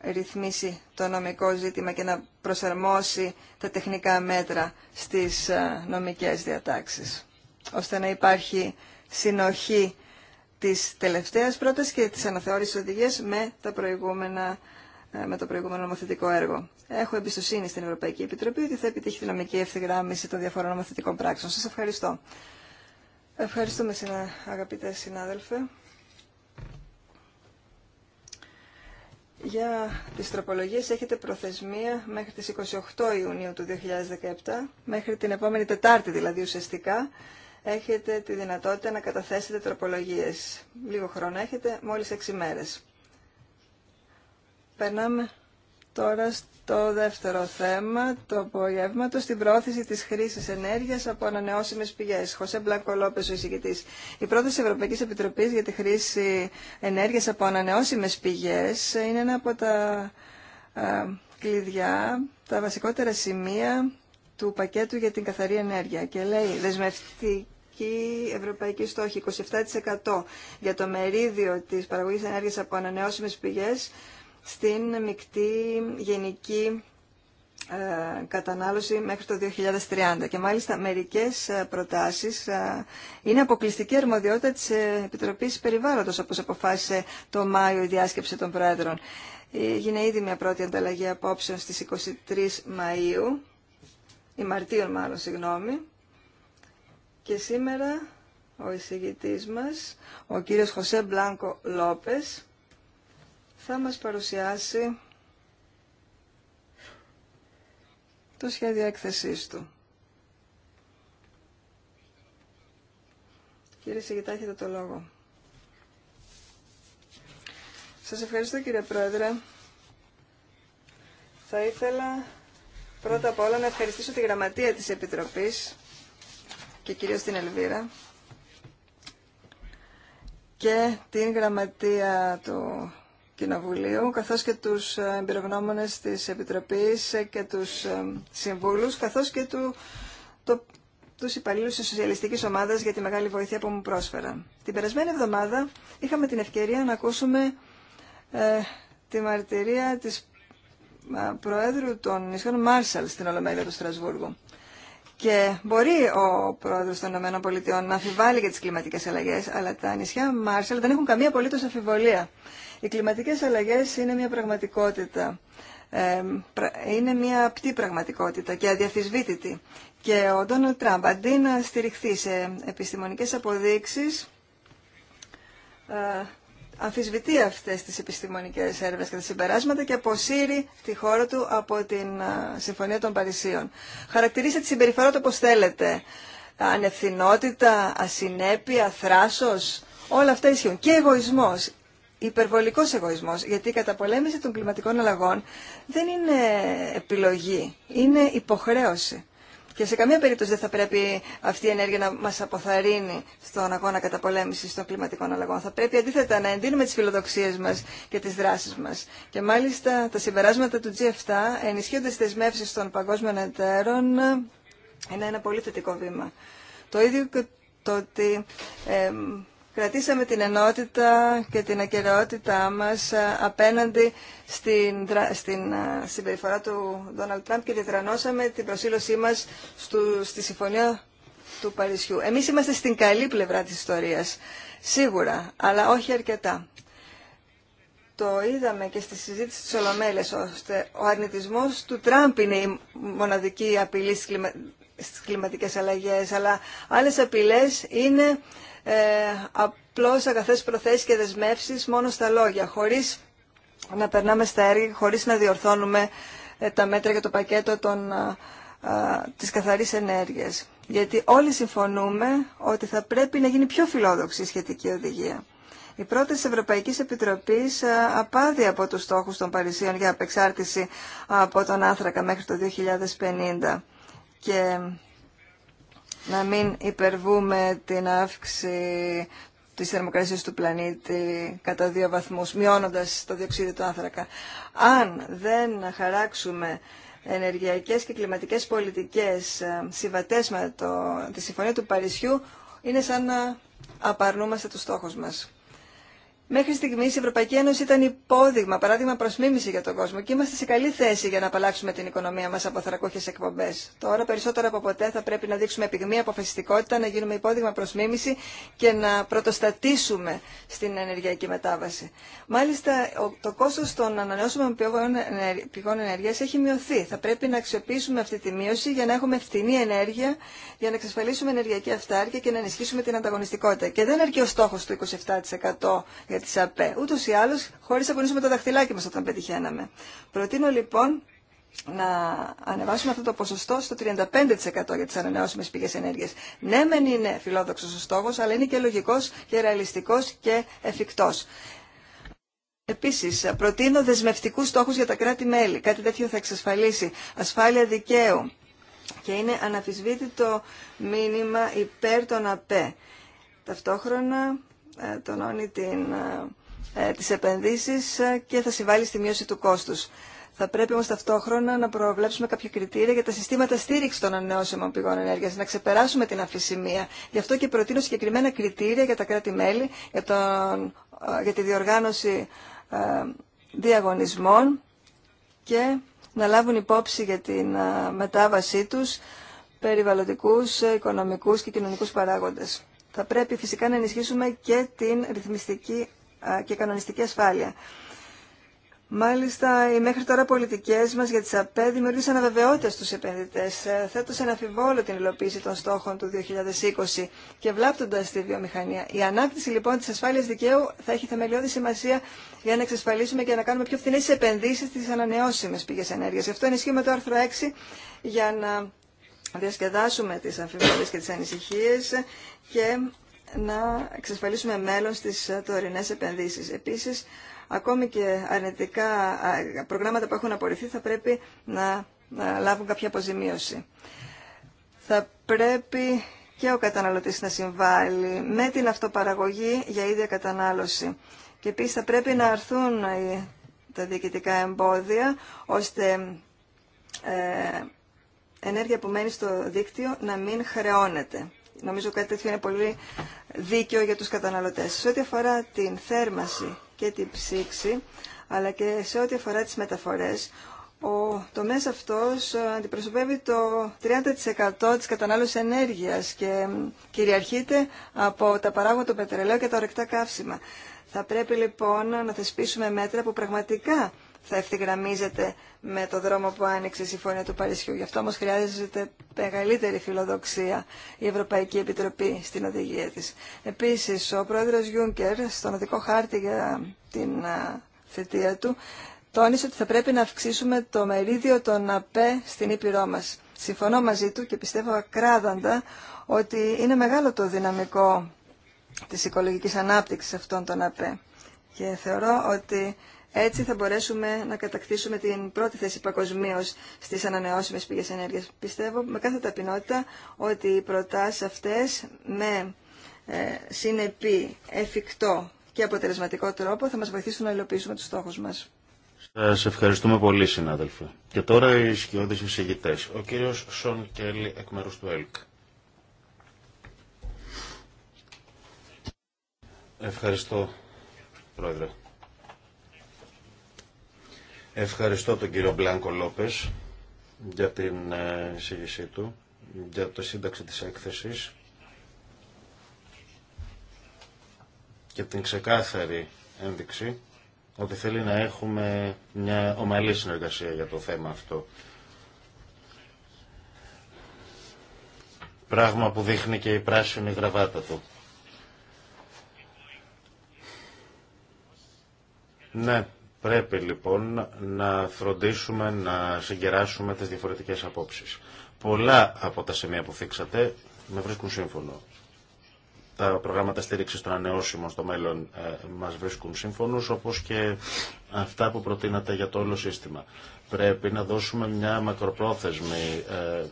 ρυθμίσει το νομικό ζήτημα και να προσαρμόσει τα τεχνικά μέτρα στις ε, νομικές διατάξεις, ώστε να υπάρχει συνοχή της τελευταίας πρότασης και της αναθεώρησης οδηγίας με τα προηγούμενα ε, με το προηγούμενο νομοθετικό έργο. Έχω εμπιστοσύνη στην Ευρωπαϊκή Επιτροπή ότι θα επιτύχει τη νομική ευθυγράμμιση των διαφορών νομοθετικών πράξεων. Σας ευχαριστώ. Ευχαριστούμε, αγαπητέ συνάδελφε. Για τις τροπολογίες έχετε προθεσμία μέχρι τις 28 Ιουνίου του 2017, μέχρι την επόμενη Τετάρτη δηλαδή ουσιαστικά, έχετε τη δυνατότητα να καταθέσετε τροπολογίες. Λίγο χρόνο έχετε, μόλις 6 μέρες. Περνάμε τώρα στο δεύτερο θέμα του απογεύματο, στην πρόθεση τη χρήση ενέργεια από ανανεώσιμε πηγέ. Χωσέ Μπλακό Λόπε, ο εισηγητή. Η πρόταση Ευρωπαϊκή Επιτροπή για τη χρήση ενέργεια από ανανεώσιμε πηγέ είναι ένα από τα α, ε, κλειδιά, τα βασικότερα σημεία του πακέτου για την καθαρή ενέργεια. Και λέει δεσμευτική ευρωπαϊκή στόχη 27% για το μερίδιο της παραγωγής ενέργειας από ανανεώσιμες πηγές στην μεικτή γενική ε, κατανάλωση μέχρι το 2030. Και μάλιστα μερικές ε, προτάσεις ε, είναι αποκλειστική αρμοδιότητα της Επιτροπής Περιβάλλοντος, όπως αποφάσισε το Μάιο η διάσκεψη των Πρόεδρων. Έγινε ήδη μια πρώτη ανταλλαγή απόψεων στις 23 Μαΐου, η Μαρτίων μάλλον, συγγνώμη, και σήμερα ο εισηγητής μας, ο κύριος Χωσέ Μπλάνκο Λόπες, θα μας παρουσιάσει το σχέδιο έκθεσής του. Κύριε Σιγητά, έχετε το λόγο. Σας ευχαριστώ κύριε Πρόεδρε. Θα ήθελα πρώτα απ' όλα να ευχαριστήσω τη γραμματεία της Επιτροπής και κυρίως την Ελβίρα και την γραμματεία του Κοινοβουλίου, καθώς και τους ε, εμπειρογνώμονες της Επιτροπής ε, και τους ε, συμβούλους, καθώς και του, το, τους υπαλλήλους της Σοσιαλιστικής Ομάδας για τη μεγάλη βοήθεια που μου πρόσφεραν. Την περασμένη εβδομάδα είχαμε την ευκαιρία να ακούσουμε ε, τη μαρτυρία της Προέδρου των νησιών Μάρσαλ στην Ολομέλεια του Στρασβούργου. Και μπορεί ο πρόεδρο των ΗΠΑ να αφιβάλλει για τι κλιματικέ αλλαγέ, αλλά τα νησιά Μάρσαλ δεν έχουν καμία απολύτω αμφιβολία οι κλιματικές αλλαγές είναι μια πραγματικότητα. Είναι μια απτή πραγματικότητα και αδιαφυσβήτητη. Και ο Ντόναλτ Τραμπ αντί να στηριχθεί σε επιστημονικές αποδείξεις ε, αμφισβητεί αυτές τις επιστημονικές έρευνες και τα συμπεράσματα και αποσύρει τη χώρα του από την ε, Συμφωνία των Παρισίων. Χαρακτηρίστε τη συμπεριφορά του όπως θέλετε. Ανευθυνότητα, ασυνέπεια, θράσος, όλα αυτά ισχύουν. Και εγωισμός υπερβολικός εγωισμός, γιατί η καταπολέμηση των κλιματικών αλλαγών δεν είναι επιλογή, είναι υποχρέωση. Και σε καμία περίπτωση δεν θα πρέπει αυτή η ενέργεια να μα αποθαρρύνει στον αγώνα καταπολέμησης των κλιματικών αλλαγών. Θα πρέπει αντίθετα να εντείνουμε τι φιλοδοξίε μα και τι δράσει μα. Και μάλιστα τα συμπεράσματα του G7 ενισχύοντας τις δεσμεύσει των παγκόσμιων εταίρων είναι ένα πολύ θετικό βήμα. Το ίδιο και το ότι ε, κρατήσαμε την ενότητα και την ακεραιότητά μας ε, απέναντι στην, στην ε, συμπεριφορά του Ντόναλτ Τραμπ και διατρανώσαμε την προσήλωσή μας στο, στη Συμφωνία του Παρισιού. Εμείς είμαστε στην καλή πλευρά της ιστορίας, σίγουρα, αλλά όχι αρκετά. Το είδαμε και στη συζήτηση της Ολομέλες, ώστε ο αρνητισμός του Τραμπ είναι η μοναδική απειλή στις κλιματικές αλλαγές, αλλά άλλες απειλές είναι ε, απλώς αγαθές προθέσεις και δεσμεύσεις μόνο στα λόγια, χωρίς να περνάμε στα έργα, χωρίς να διορθώνουμε ε, τα μέτρα για το πακέτο των, της καθαρής ενέργειας. Γιατί όλοι συμφωνούμε ότι θα πρέπει να γίνει πιο φιλόδοξη η σχετική οδηγία. Η της Ευρωπαϊκής Επιτροπής απάδει από τους στόχους των Παρισίων για απεξάρτηση από τον άνθρακα μέχρι το 2050 και να μην υπερβούμε την αύξηση τη θερμοκρασία του πλανήτη κατά δύο βαθμού, μειώνοντα το διοξείδιο του άνθρακα. Αν δεν χαράξουμε ενεργειακέ και κλιματικέ πολιτικέ ε, συμβατέ με το, τη Συμφωνία του Παρισιού, είναι σαν να απαρνούμαστε του στόχου μα. Μέχρι στιγμή η Ευρωπαϊκή Ένωση ήταν υπόδειγμα, παράδειγμα προ για τον κόσμο και είμαστε σε καλή θέση για να απαλλάξουμε την οικονομία μα από θρακούχε εκπομπέ. Τώρα περισσότερο από ποτέ θα πρέπει να δείξουμε πυγμή, αποφασιστικότητα, να γίνουμε υπόδειγμα προ και να πρωτοστατήσουμε στην ενεργειακή μετάβαση. Μάλιστα, το κόστο των ανανεώσιμων πηγών ενέργεια έχει μειωθεί. Θα πρέπει να αξιοποιήσουμε αυτή τη μείωση για να έχουμε φτηνή ενέργεια, για να εξασφαλίσουμε ενεργειακή αυτάρκεια και να ενισχύσουμε την ανταγωνιστικότητα. Και δεν αρκεί ο στόχο του 27% για τις ΑΠΕ. Ούτως ή άλλως, χωρίς να κουνήσουμε τα δαχτυλάκια μας όταν πετυχαίναμε. Προτείνω λοιπόν να ανεβάσουμε αυτό το ποσοστό στο 35% για τις ανανεώσιμες πηγές ενέργειας. Ναι, μεν είναι φιλόδοξος ο στόχος, αλλά είναι και λογικός και ρεαλιστικός και εφικτός. Επίση, προτείνω δεσμευτικού στόχου για τα κράτη-μέλη. Κάτι τέτοιο θα εξασφαλίσει ασφάλεια δικαίου και είναι αναφυσβήτητο μήνυμα υπέρ των ΑΠΕ. Ταυτόχρονα ε, τονώνει την, ε, ε τις επενδύσεις ε, και θα συμβάλλει στη μείωση του κόστους. Θα πρέπει όμως ταυτόχρονα να προβλέψουμε κάποια κριτήρια για τα συστήματα στήριξη των ανανεώσιμων πηγών ενέργειας, να ξεπεράσουμε την αφησιμία. Γι' αυτό και προτείνω συγκεκριμένα κριτήρια για τα κράτη-μέλη, για, τον, για τη διοργάνωση διαγωνισμών και να λάβουν υπόψη για την μετάβασή τους περιβαλλοντικούς, οικονομικούς και κοινωνικούς παράγοντες θα πρέπει φυσικά να ενισχύσουμε και την ρυθμιστική και κανονιστική ασφάλεια. Μάλιστα, οι μέχρι τώρα πολιτικέ μα για τι ΑΠΕ δημιούργησαν αβεβαιότητα στου επενδυτέ, ε, θέτω σε αναφιβόλο την υλοποίηση των στόχων του 2020 και βλάπτοντα τη βιομηχανία. Η ανάπτυξη λοιπόν τη ασφάλεια δικαίου θα έχει θεμελιώδη σημασία για να εξασφαλίσουμε και να κάνουμε πιο φθηνέ επενδύσει στι ανανεώσιμε πηγέ ενέργεια. Γι' αυτό ενισχύουμε το άρθρο 6 για να διασκεδάσουμε τις αμφιβολίες και τις ανησυχίες και να εξασφαλίσουμε μέλλον στις τωρινές επενδύσεις. Επίσης, ακόμη και αρνητικά προγράμματα που έχουν απορριφθεί θα πρέπει να, λάβουν κάποια αποζημίωση. Θα πρέπει και ο καταναλωτής να συμβάλλει με την αυτοπαραγωγή για ίδια κατανάλωση. Και επίσης θα πρέπει να αρθούν τα διοικητικά εμπόδια, ώστε ε, ενέργεια που μένει στο δίκτυο να μην χρεώνεται. Νομίζω κάτι τέτοιο είναι πολύ δίκαιο για τους καταναλωτές. Σε ό,τι αφορά την θέρμαση και την ψήξη, αλλά και σε ό,τι αφορά τις μεταφορές, ο τομέας αυτός αντιπροσωπεύει το 30% της κατανάλωσης ενέργειας και κυριαρχείται από τα παράγοντα του πετρελαίου και τα ορεκτά καύσιμα. Θα πρέπει λοιπόν να θεσπίσουμε μέτρα που πραγματικά θα ευθυγραμμίζεται με το δρόμο που άνοιξε η Συμφωνία του Παρισιού. Γι' αυτό όμως χρειάζεται μεγαλύτερη φιλοδοξία η Ευρωπαϊκή Επιτροπή στην οδηγία της. Επίσης, ο πρόεδρος Γιούνκερ στον οδικό χάρτη για την θετία του τόνισε ότι θα πρέπει να αυξήσουμε το μερίδιο των ΑΠΕ στην Ήπειρό μας. Συμφωνώ μαζί του και πιστεύω ακράδαντα ότι είναι μεγάλο το δυναμικό της οικολογικής ανάπτυξης αυτών των ΑΠΕ. Και θεωρώ ότι έτσι θα μπορέσουμε να κατακτήσουμε την πρώτη θέση παγκοσμίω στι ανανεώσιμε πηγέ ενέργεια. Πιστεύω με κάθε ταπεινότητα ότι οι προτάσει αυτέ με ε, συνεπή, εφικτό και αποτελεσματικό τρόπο θα μα βοηθήσουν να υλοποιήσουμε του στόχου μα. Σα ευχαριστούμε πολύ, συνάδελφοι. Και τώρα οι σκιώδει εισηγητέ. Ο κύριο Σον Κέλλη, εκ μέρου του ΕΛΚ. Ευχαριστώ, Πρόεδρε. Ευχαριστώ τον κύριο Μπλάνκο Λόπες για την ε, εισήγησή του, για το σύνταξη της έκθεσης και την ξεκάθαρη ένδειξη ότι θέλει να έχουμε μια ομαλή συνεργασία για το θέμα αυτό. Πράγμα που δείχνει και η πράσινη γραβάτα του. Ναι, Πρέπει λοιπόν να φροντίσουμε να συγκεράσουμε τις διαφορετικές απόψεις. Πολλά από τα σημεία που θίξατε με βρίσκουν σύμφωνο. Τα προγράμματα στήριξη των ανεώσιμων στο μέλλον ε, μας βρίσκουν σύμφωνους, όπως και αυτά που προτείνατε για το όλο σύστημα. Πρέπει να δώσουμε μια μακροπρόθεσμη ε,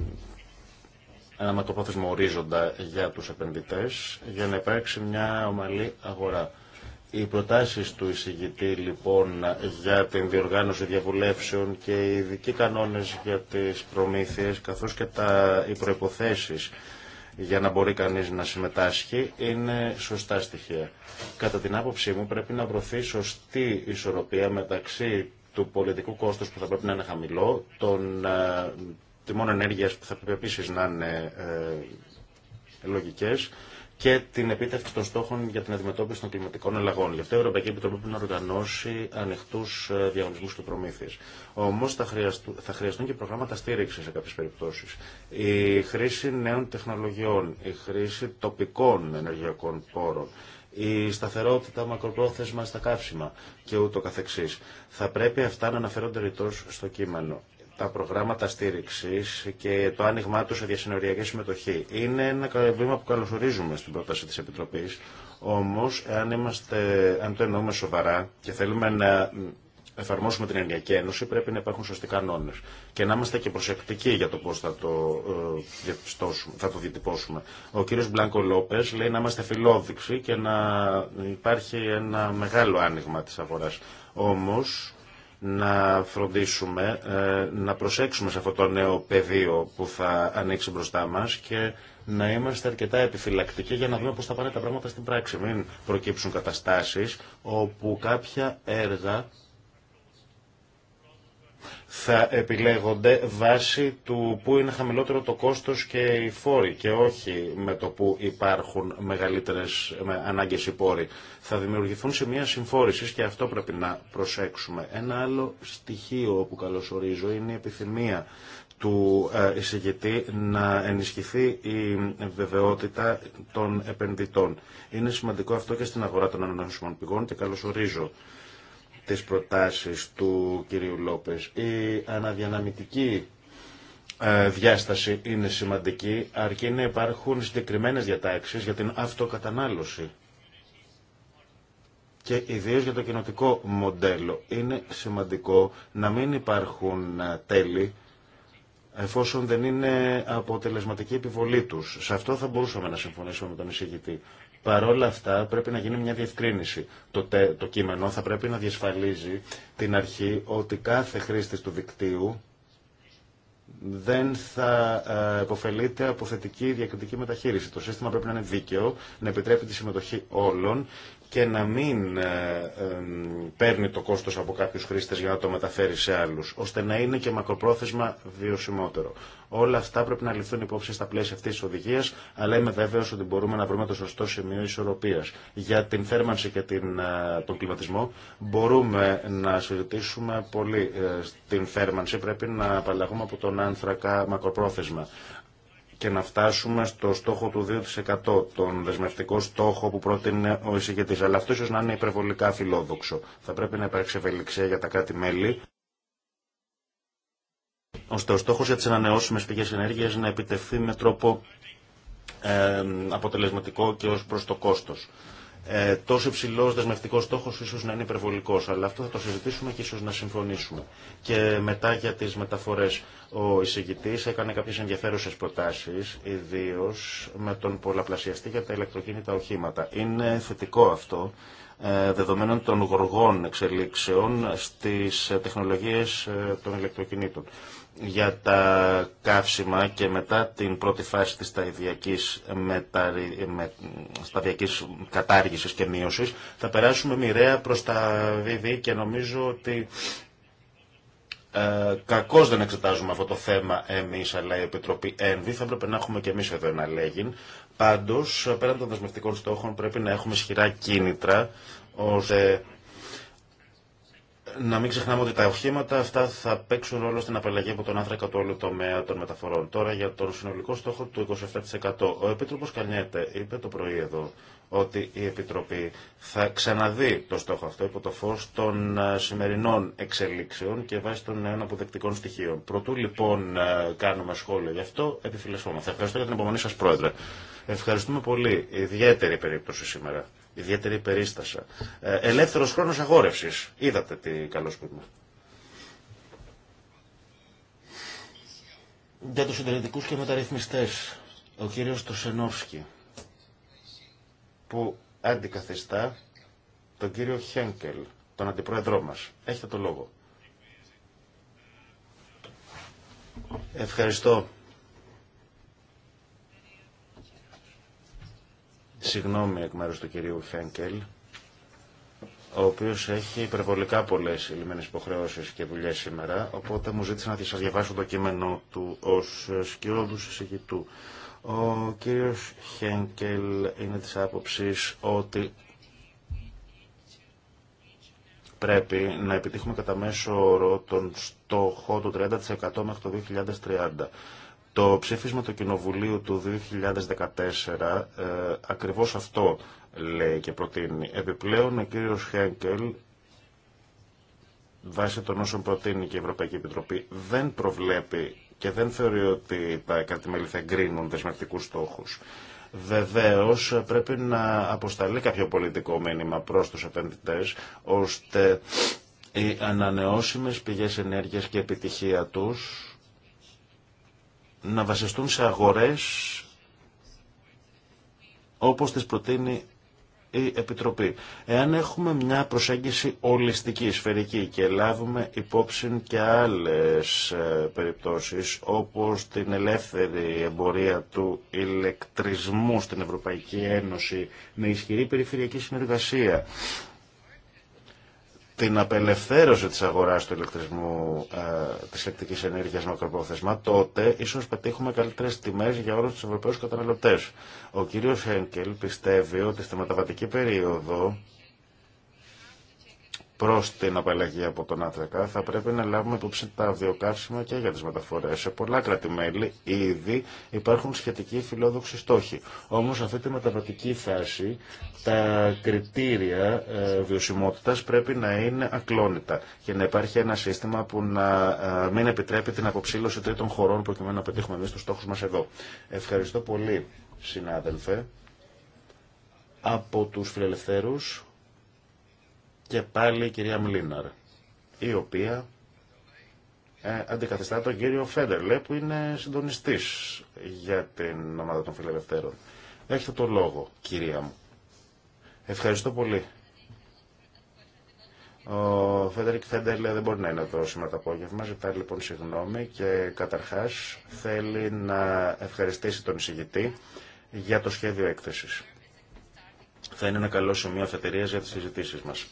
ένα μακροπρόθεσμο ορίζοντα για τους επενδυτές για να υπάρξει μια ομαλή αγορά. Οι προτάσεις του εισηγητή λοιπόν για την διοργάνωση διαβουλεύσεων και οι ειδικοί κανόνες για τις προμήθειες καθώς και τα, οι προϋποθέσεις για να μπορεί κανείς να συμμετάσχει είναι σωστά στοιχεία. Κατά την άποψή μου πρέπει να βρωθεί σωστή ισορροπία μεταξύ του πολιτικού κόστους που θα πρέπει να είναι χαμηλό, των ε, τιμών ενέργειας που θα πρέπει επίσης να είναι ε, λογικές και την επίτευξη των στόχων για την αντιμετώπιση των κλιματικών αλλαγών. Γι' αυτό η Ευρωπαϊκή Επιτροπή πρέπει να οργανώσει ανοιχτού ε, διαγωνισμού και προμήθειε. Όμω θα, χρειαστούν και προγράμματα στήριξη σε κάποιε περιπτώσει. Η χρήση νέων τεχνολογιών, η χρήση τοπικών ενεργειακών πόρων, η σταθερότητα μακροπρόθεσμα στα καύσιμα και ούτω καθεξής. Θα πρέπει αυτά να αναφέρονται ρητό στο κείμενο τα προγράμματα στήριξη και το άνοιγμά του σε διασυνοριακή συμμετοχή. Είναι ένα βήμα που καλωσορίζουμε στην πρόταση τη Επιτροπή. Όμω, αν, αν το εννοούμε σοβαρά και θέλουμε να εφαρμόσουμε την Ενιακή Ένωση, πρέπει να υπάρχουν σωστοί κανόνε. Και να είμαστε και προσεκτικοί για το πώ θα το, ε, θα το διατυπώσουμε. Ο κύριο Μπλάνκο Λόπε λέει να είμαστε φιλόδοξοι και να υπάρχει ένα μεγάλο άνοιγμα τη αγορά. Όμω, να φροντίσουμε, ε, να προσέξουμε σε αυτό το νέο πεδίο που θα ανοίξει μπροστά μας και να είμαστε αρκετά επιφυλακτικοί για να δούμε πώς θα πάνε τα πράγματα στην πράξη. Μην προκύψουν καταστάσεις όπου κάποια έργα θα επιλέγονται βάσει του που είναι χαμηλότερο το κόστος και οι φόροι και όχι με το που υπάρχουν μεγαλύτερες με ανάγκες οι πόροι. Θα δημιουργηθούν μία συμφόρηση και αυτό πρέπει να προσέξουμε. Ένα άλλο στοιχείο που καλωσορίζω είναι η επιθυμία του ε, εισηγητή να ενισχυθεί η βεβαιότητα των επενδυτών. Είναι σημαντικό αυτό και στην αγορά των ανανεώσιμων πηγών και καλωσορίζω τις προτάσεις του κυρίου Λόπες. Η αναδιαναμητική ε, διάσταση είναι σημαντική, αρκεί να υπάρχουν συγκεκριμένες διατάξεις για την αυτοκατανάλωση και ιδίως για το κοινοτικό μοντέλο. Είναι σημαντικό να μην υπάρχουν ε, τέλη εφόσον δεν είναι αποτελεσματική επιβολή τους. Σε αυτό θα μπορούσαμε να συμφωνήσουμε με τον εισηγητή. Παρόλα αυτά πρέπει να γίνει μια διευκρίνηση. Το, το κείμενο θα πρέπει να διασφαλίζει την αρχή ότι κάθε χρήστης του δικτύου δεν θα ε, υποφελείται από θετική διακριτική μεταχείριση. Το σύστημα πρέπει να είναι δίκαιο, να επιτρέπει τη συμμετοχή όλων και να μην ε, παίρνει το κόστος από κάποιους χρήστες για να το μεταφέρει σε άλλους, ώστε να είναι και μακροπρόθεσμα βιωσιμότερο. Όλα αυτά πρέπει να ληφθούν υπόψη στα πλαίσια αυτής της οδηγίας, αλλά είμαι βέβαιος ότι μπορούμε να βρούμε το σωστό σημείο ισορροπίας. Για την θέρμανση και την, ε, τον κλιματισμό μπορούμε να συζητήσουμε πολύ. Ε, στην θέρμανση πρέπει να απαλλαγούμε από τον άνθρακα μακροπρόθεσμα και να φτάσουμε στο στόχο του 2%, τον δεσμευτικό στόχο που πρότεινε ο εισηγητή. Αλλά αυτό ίσω να είναι υπερβολικά φιλόδοξο. Θα πρέπει να υπάρξει ευελιξία για τα κράτη-μέλη, ώστε ο στόχο για τι ανανεώσιμε πηγέ ενέργειας να επιτευχθεί με τρόπο ε, αποτελεσματικό και ω προς το κόστος. Ε, τόσο υψηλό δεσμευτικό στόχο ίσω να είναι υπερβολικό, αλλά αυτό θα το συζητήσουμε και ίσω να συμφωνήσουμε. Και μετά για τι μεταφορέ. Ο εισηγητή έκανε κάποιε ενδιαφέρουσε προτάσει, ιδίω με τον πολλαπλασιαστή για τα ηλεκτροκίνητα οχήματα. Είναι θετικό αυτό, ε, δεδομένων των γοργών εξελίξεων στις τεχνολογίες ε, των ηλεκτροκινήτων για τα καύσιμα και μετά την πρώτη φάση της σταδιακής, μετάρι με... σταδιακής κατάργησης και μείωσης θα περάσουμε μοιραία προς τα ΒΙΒΙ και νομίζω ότι ε, κακώς δεν εξετάζουμε αυτό το θέμα εμείς αλλά η Επιτροπή ΕΝΒΗ θα έπρεπε να έχουμε και εμείς εδώ ένα λέγην. πάντως πέραν των δεσμευτικών στόχων πρέπει να έχουμε ισχυρά κίνητρα ώστε να μην ξεχνάμε ότι τα οχήματα αυτά θα παίξουν ρόλο στην απαλλαγή από τον άνθρακα του όλου τομέα των μεταφορών. Τώρα για τον συνολικό στόχο του 27%. Ο Επίτροπος Κανιέται είπε το πρωί εδώ ότι η Επιτροπή θα ξαναδεί το στόχο αυτό υπό το φως των ε, σημερινών εξελίξεων και βάσει των νέων αποδεκτικών στοιχείων. Προτού λοιπόν ε, κάνουμε σχόλιο γι' αυτό, επιφυλασσόμαστε. Ευχαριστώ για την υπομονή σας, Πρόεδρε. Ευχαριστούμε πολύ. Ιδιαίτερη περίπτωση σήμερα ιδιαίτερη περίστασα. Ε, ελεύθερος χρόνος αγόρευσης. Είδατε τι καλό σπίτι είμαι. Για τους συντηρητικούς και μεταρρυθμιστές, ο κύριος Τοσενόφσκι, που αντικαθιστά τον κύριο Χένκελ, τον αντιπρόεδρό μας. Έχετε το λόγο. Ευχαριστώ. Συγγνώμη εκ μέρους του κυρίου Χένκελ, ο οποίος έχει υπερβολικά πολλές λιμένες υποχρεώσεις και δουλειές σήμερα, οπότε μου ζήτησε να σα διαβάσω το κείμενο του ως σκιώδου εισηγητού. Ο κύριος Χένκελ είναι της άποψης ότι πρέπει να επιτύχουμε κατά μέσο όρο τον στόχο του 30% μέχρι το 2030. Το ψήφισμα του Κοινοβουλίου του 2014 ε, ακριβώς αυτό λέει και προτείνει. Επιπλέον ο κύριος Χένκελ βάσει των όσων προτείνει και η Ευρωπαϊκή Επιτροπή δεν προβλέπει και δεν θεωρεί ότι τα κρατημέλη θα εγκρίνουν δεσμευτικούς στόχους. Βεβαίω πρέπει να αποσταλεί κάποιο πολιτικό μήνυμα προς τους επενδυτές ώστε οι ανανεώσιμες πηγές ενέργειας και επιτυχία τους να βασιστούν σε αγορές όπως τις προτείνει η Επιτροπή. Εάν έχουμε μια προσέγγιση ολιστική, σφαιρική και λάβουμε υπόψη και άλλες ε, περιπτώσεις όπως την ελεύθερη εμπορία του ηλεκτρισμού στην Ευρωπαϊκή Ένωση με ισχυρή περιφερειακή συνεργασία, την απελευθέρωση της αγοράς του ηλεκτρισμού ε, της ηλεκτρικής ενέργειας μακροπρόθεσμα, τότε ίσως πετύχουμε καλύτερες τιμές για όλους τους Ευρωπαίους καταναλωτές. Ο κύριος Χένκελ πιστεύει ότι στη μεταβατική περίοδο προ την απαλλαγή από τον άνθρακα, θα πρέπει να λάβουμε υπόψη τα βιοκαύσιμα και για τι μεταφορέ. Σε πολλά κράτη-μέλη ήδη υπάρχουν σχετικοί φιλόδοξοι στόχοι. Όμω, σε αυτή τη μεταβατική φάση, τα κριτήρια ε, βιωσιμότητα πρέπει να είναι ακλόνητα και να υπάρχει ένα σύστημα που να ε, μην επιτρέπει την αποψήλωση τρίτων χωρών προκειμένου να πετύχουμε εμεί του στόχου μα εδώ. Ευχαριστώ πολύ, συνάδελφε. Από τους φιλελευθέρους, και πάλι η κυρία Μλίναρ, η οποία ε, αντικαθιστά τον κύριο Φέντερλε που είναι συντονιστής για την ομάδα των φιλελευθέρων. Έχετε το λόγο, κυρία μου. Ευχαριστώ πολύ. Ο Φέντερικ Φέντερλε δεν μπορεί να είναι εδώ σήμερα το απόγευμα, ζητάει λοιπόν συγγνώμη και καταρχάς θέλει να ευχαριστήσει τον εισηγητή για το σχέδιο έκθεσης θα είναι ένα καλό σημείο αφετηρίας για τις συζητήσεις μας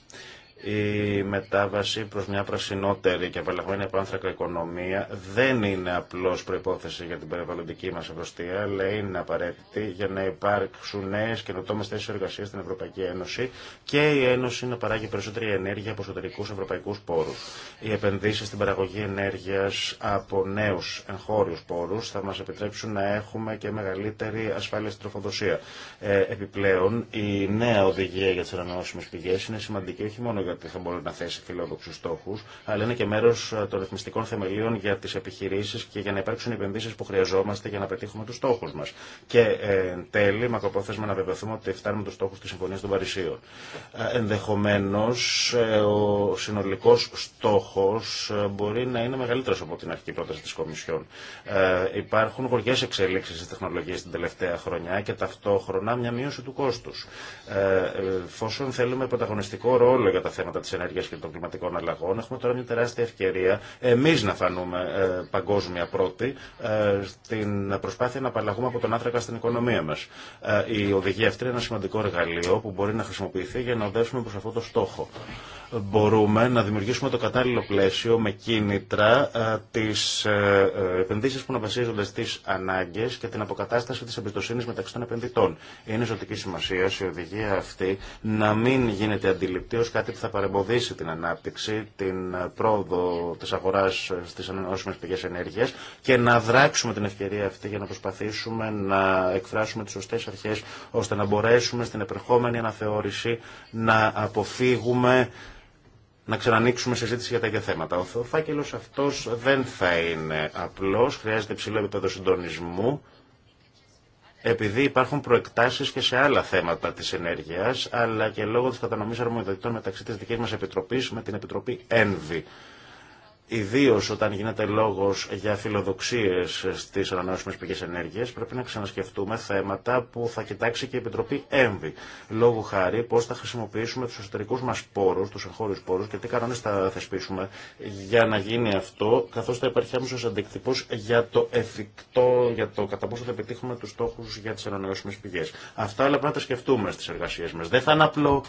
η μετάβαση προς μια πρασινότερη και απαλλαγμένη επάνθρακα οικονομία δεν είναι απλώς προϋπόθεση για την περιβαλλοντική μας ευρωστία, αλλά είναι απαραίτητη για να υπάρξουν νέες καινοτόμες θέσεις εργασίας στην Ευρωπαϊκή Ένωση και η Ένωση να παράγει περισσότερη ενέργεια από εσωτερικού ευρωπαϊκούς πόρους. Οι επενδύσεις στην παραγωγή ενέργειας από νέους εγχώριους πόρους θα μας επιτρέψουν να έχουμε και μεγαλύτερη ασφάλεια στην τροφοδοσία. Ε, επιπλέον, η νέα οδηγία για τι ανανεώσιμες πηγές είναι σημαντική όχι μόνο γιατί θα μπορεί να θέσει φιλόδοξου στόχου, αλλά είναι και μέρο ε, των ρυθμιστικών θεμελίων για τι επιχειρήσει και για να υπάρξουν οι επενδύσει που χρειαζόμαστε για να πετύχουμε του στόχου μα. Και ε, εν τέλει, μακροπρόθεσμα να βεβαιωθούμε ότι φτάνουμε του στόχου τη Συμφωνία των Παρισίων. Ε, Ενδεχομένω, ο συνολικό στόχο μπορεί να είναι μεγαλύτερο από την αρχική πρόταση τη Κομισιόν. υπάρχουν γοργέ εξελίξει στι τεχνολογία την τελευταία χρονιά και ταυτόχρονα μια μείωση του κόστου. Ε, θέλουμε πρωταγωνιστικό ρόλο για τα θέματα τη ενέργεια και των κλιματικών αλλαγών. Έχουμε τώρα μια τεράστια ευκαιρία εμεί να φανούμε ε, παγκόσμια πρώτη ε, στην προσπάθεια να απαλλαγούμε από τον άνθρακα στην οικονομία μα. Ε, η οδηγία αυτή είναι ένα σημαντικό εργαλείο που μπορεί να χρησιμοποιηθεί για να οδεύσουμε προ αυτό το στόχο μπορούμε να δημιουργήσουμε το κατάλληλο πλαίσιο με κίνητρα ε, τις ε, ε, επενδύσεις που να βασίζονται στις ανάγκες και την αποκατάσταση της εμπιστοσύνη μεταξύ των επενδυτών. Είναι ζωτική σημασία η οδηγία αυτή να μην γίνεται αντιληπτή ως κάτι που θα παρεμποδίσει την ανάπτυξη, την πρόοδο της αγοράς στις ανανεώσιμε πηγές ενέργειας και να δράξουμε την ευκαιρία αυτή για να προσπαθήσουμε να εκφράσουμε τις σωστές αρχές ώστε να μπορέσουμε στην επερχόμενη αναθεώρηση να αποφύγουμε να ξανανοίξουμε συζήτηση για τα ίδια θέματα. Ο φάκελο αυτό δεν θα είναι απλό, χρειάζεται υψηλό επίπεδο συντονισμού, επειδή υπάρχουν προεκτάσει και σε άλλα θέματα τη ενέργεια, αλλά και λόγω τη κατανομή αρμοδιοτήτων μεταξύ τη δική μα Επιτροπή με την Επιτροπή ΕΝΒΗ. Ιδίω όταν γίνεται λόγο για φιλοδοξίε στι ανανεώσιμε πηγέ ενέργεια, πρέπει να ξανασκεφτούμε θέματα που θα κοιτάξει και η Επιτροπή ΕΜΒΗ. Λόγω χάρη, πώ θα χρησιμοποιήσουμε του εσωτερικού μα πόρου, του εγχώριου πόρου και τι κανόνε θα θεσπίσουμε για να γίνει αυτό, καθώ θα υπάρχει άμεσο αντικτυπώ για το εφικτό, για το κατά πόσο θα επιτύχουμε του στόχου για τι ανανεώσιμε πηγέ. Αυτά όλα πρέπει να τα σκεφτούμε στι εργασίε μα. Δεν θα είναι απλό.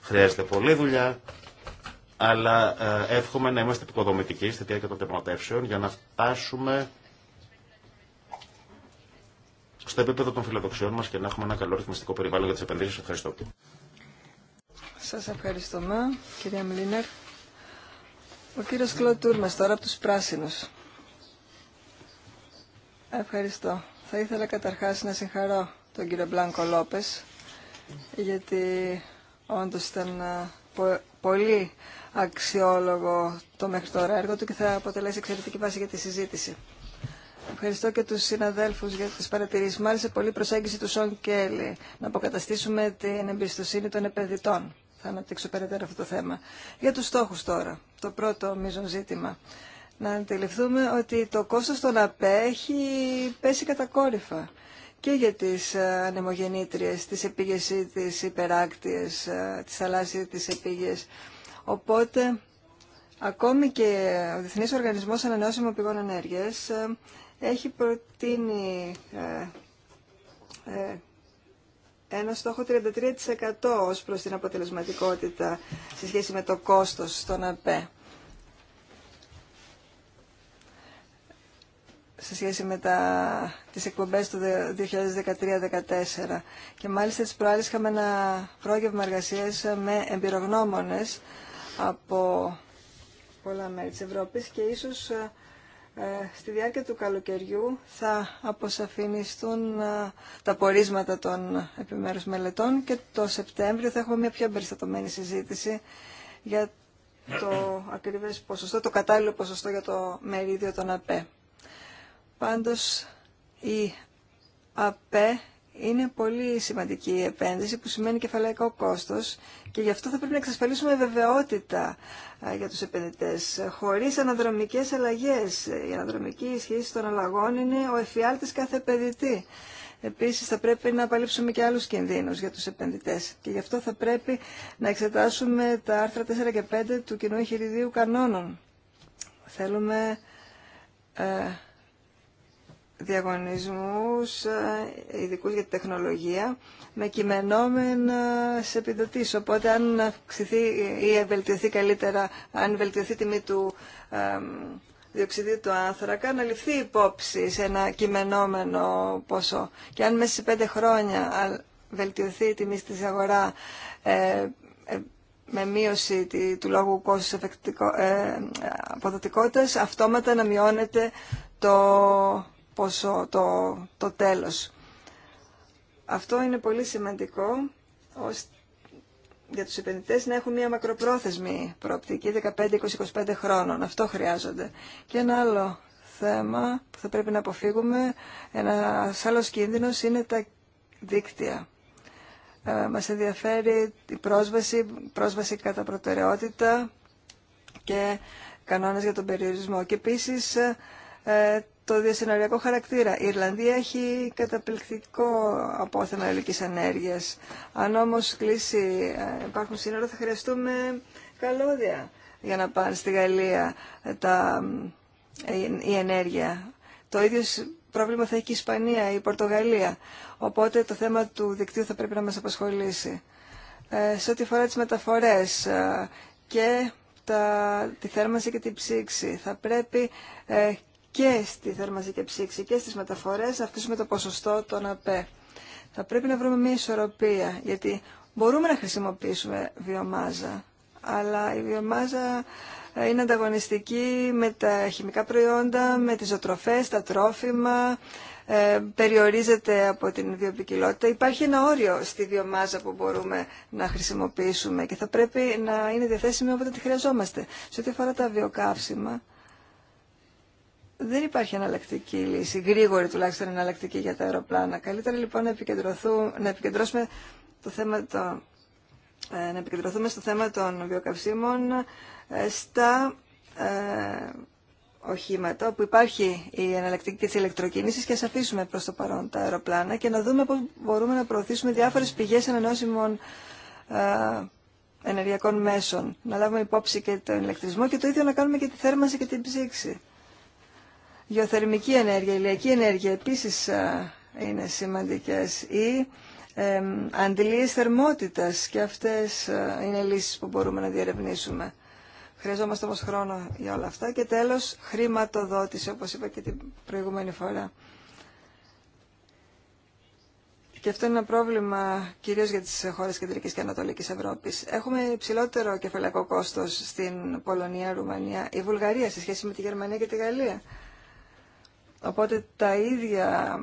Χρειάζεται πολλή δουλειά, αλλά ε, εύχομαι να είμαστε επικοδομητικοί στη διάρκεια των διαπραγματεύσεων για να φτάσουμε στο επίπεδο των φιλοδοξιών μας και να έχουμε ένα καλό ρυθμιστικό περιβάλλον για τις επενδύσεις. Ευχαριστώ. Σας ευχαριστούμε, κυρία Μλίνερ. Ο κύριος Κλωτούρμας τώρα από τους Πράσινους. Ευχαριστώ. Θα ήθελα καταρχάς να συγχαρώ τον κύριο Μπλάνκο Λόπες, γιατί όντω ήταν ε, πολύ αξιόλογο το μέχρι τώρα έργο του και θα αποτελέσει εξαιρετική βάση για τη συζήτηση. Ευχαριστώ και τους συναδέλφους για τις παρατηρήσεις. Μ' άρεσε πολύ προσέγγιση του Σον Κέλλη να αποκαταστήσουμε την εμπιστοσύνη των επενδυτών. Θα αναπτύξω περαιτέρω αυτό το θέμα. Για τους στόχους τώρα, το πρώτο μείζον ζήτημα. Να αντιληφθούμε ότι το κόστος των ΑΠΕ έχει πέσει κατακόρυφα και για τις ε, ανεμογεννήτριες, τις επίγες τις υπεράκτιες, ε, τις θαλάσσιες, τις Οπότε, ακόμη και ο Διεθνής Οργανισμός Ανανεώσιμων Πηγών Ενέργειας ε, έχει προτείνει ε, ε, ένα στόχο 33% ως προς την αποτελεσματικότητα σε σχέση με το κόστος των ΑΠΕ. σε σχέση με τα, τις εκπομπές του 2013-2014. Και μάλιστα τις προάλλες είχαμε ένα πρόγευμα εργασίας με εμπειρογνώμονες από πολλά μέρη της Ευρώπης και ίσως ε, ε, στη διάρκεια του καλοκαιριού θα αποσαφινιστούν ε, τα πορίσματα των επιμέρους μελετών και το Σεπτέμβριο θα έχουμε μια πιο εμπεριστατωμένη συζήτηση για το ακριβές ποσοστό, το κατάλληλο ποσοστό για το μερίδιο των ΑΠΕ. Πάντως, η ΑΠΕ είναι πολύ σημαντική η επένδυση που σημαίνει κεφαλαϊκό κόστος και γι' αυτό θα πρέπει να εξασφαλίσουμε βεβαιότητα για τους επενδυτές χωρίς αναδρομικές αλλαγές. Η αναδρομική ισχύση των αλλαγών είναι ο εφιάλτης κάθε επενδυτή. Επίσης θα πρέπει να απαλείψουμε και άλλους κινδύνους για τους επενδυτές και γι' αυτό θα πρέπει να εξετάσουμε τα άρθρα 4 και 5 του κοινού εγχειριδίου κανόνων. Θέλουμε ε, διαγωνισμούς ε, ειδικού για τη τεχνολογία με κειμενόμενα σε επιδοτήσει. Οπότε αν αυξηθεί ή βελτιωθεί καλύτερα, αν βελτιωθεί η τιμή του ε, του άνθρακα, να ληφθεί υπόψη σε ένα κειμενόμενο ποσό. Και αν μέσα σε πέντε χρόνια βελτιωθεί η τιμή στη αγορά ε, ε, με μείωση του λόγου κόστους ε, αποδοτικότητας, αυτόματα να μειώνεται το ποσό, το, το τέλος. Αυτό είναι πολύ σημαντικό ώστε για τους επενδυτές να έχουν μια μακροπρόθεσμη προοπτική 15-20-25 χρόνων. Αυτό χρειάζονται. Και ένα άλλο θέμα που θα πρέπει να αποφύγουμε, ένα άλλο κίνδυνο είναι τα δίκτυα. Ε, μας ενδιαφέρει η πρόσβαση, πρόσβαση κατά προτεραιότητα και κανόνες για τον περιορισμό. Και επίσης ε, το διασυνοριακό χαρακτήρα. Η Ιρλανδία έχει καταπληκτικό απόθεμα ελληνική ενέργεια. Αν όμω κλείσει, ε, υπάρχουν σύνορα, θα χρειαστούμε καλώδια για να πάνε στη Γαλλία ε, τα, ε, η ενέργεια. Το ίδιο πρόβλημα θα έχει και η Ισπανία, η Πορτογαλία. Οπότε το θέμα του δικτύου θα πρέπει να μας απασχολήσει. Ε, σε ό,τι αφορά τι μεταφορές και τα, τη θέρμανση και την ψήξη, θα πρέπει και στη και ψήξη και στις μεταφορές αυξήσουμε το ποσοστό των ΑΠΕ. Θα πρέπει να βρούμε μια ισορροπία, γιατί μπορούμε να χρησιμοποιήσουμε βιομάζα, αλλά η βιομάζα ε, είναι ανταγωνιστική με τα χημικά προϊόντα, με τις ζωτροφές, τα τρόφιμα, ε, περιορίζεται από την βιοπικιλότητα. Υπάρχει ένα όριο στη βιομάζα που μπορούμε να χρησιμοποιήσουμε και θα πρέπει να είναι διαθέσιμη όποτε τη χρειαζόμαστε. Σε ό,τι αφορά τα βιοκαύσιμα, δεν υπάρχει εναλλακτική λύση, γρήγορη τουλάχιστον εναλλακτική για τα αεροπλάνα. Καλύτερα λοιπόν να, να επικεντρώσουμε το θέμα το, ε, να επικεντρωθούμε στο θέμα των βιοκαυσίμων ε, στα ε, οχήματα όπου υπάρχει η εναλλακτική της ηλεκτροκίνησης και ας αφήσουμε προς το παρόν τα αεροπλάνα και να δούμε πώς μπορούμε να προωθήσουμε διάφορες πηγές ανανεώσιμων ε, ενεργειακών μέσων. Να λάβουμε υπόψη και τον ηλεκτρισμό και το ίδιο να κάνουμε και τη θέρμανση και την ψήξη. Γεωθερμική ενέργεια, ηλιακή ενέργεια επίσης ε, είναι σημαντικές ή ε, αντιλίες θερμότητας και αυτές ε, είναι λύσεις που μπορούμε να διερευνήσουμε. Χρειαζόμαστε όμως χρόνο για όλα αυτά και τέλος χρηματοδότηση όπως είπα και την προηγούμενη φορά. Και αυτό είναι ένα πρόβλημα κυρίω για τι χώρε Κεντρική και Ανατολική Ευρώπη. Έχουμε υψηλότερο κεφαλαϊκό κόστο στην Πολωνία, Ρουμανία ή Βουλγαρία σε σχέση με τη Γερμανία και τη Γαλλία. Οπότε τα ίδια,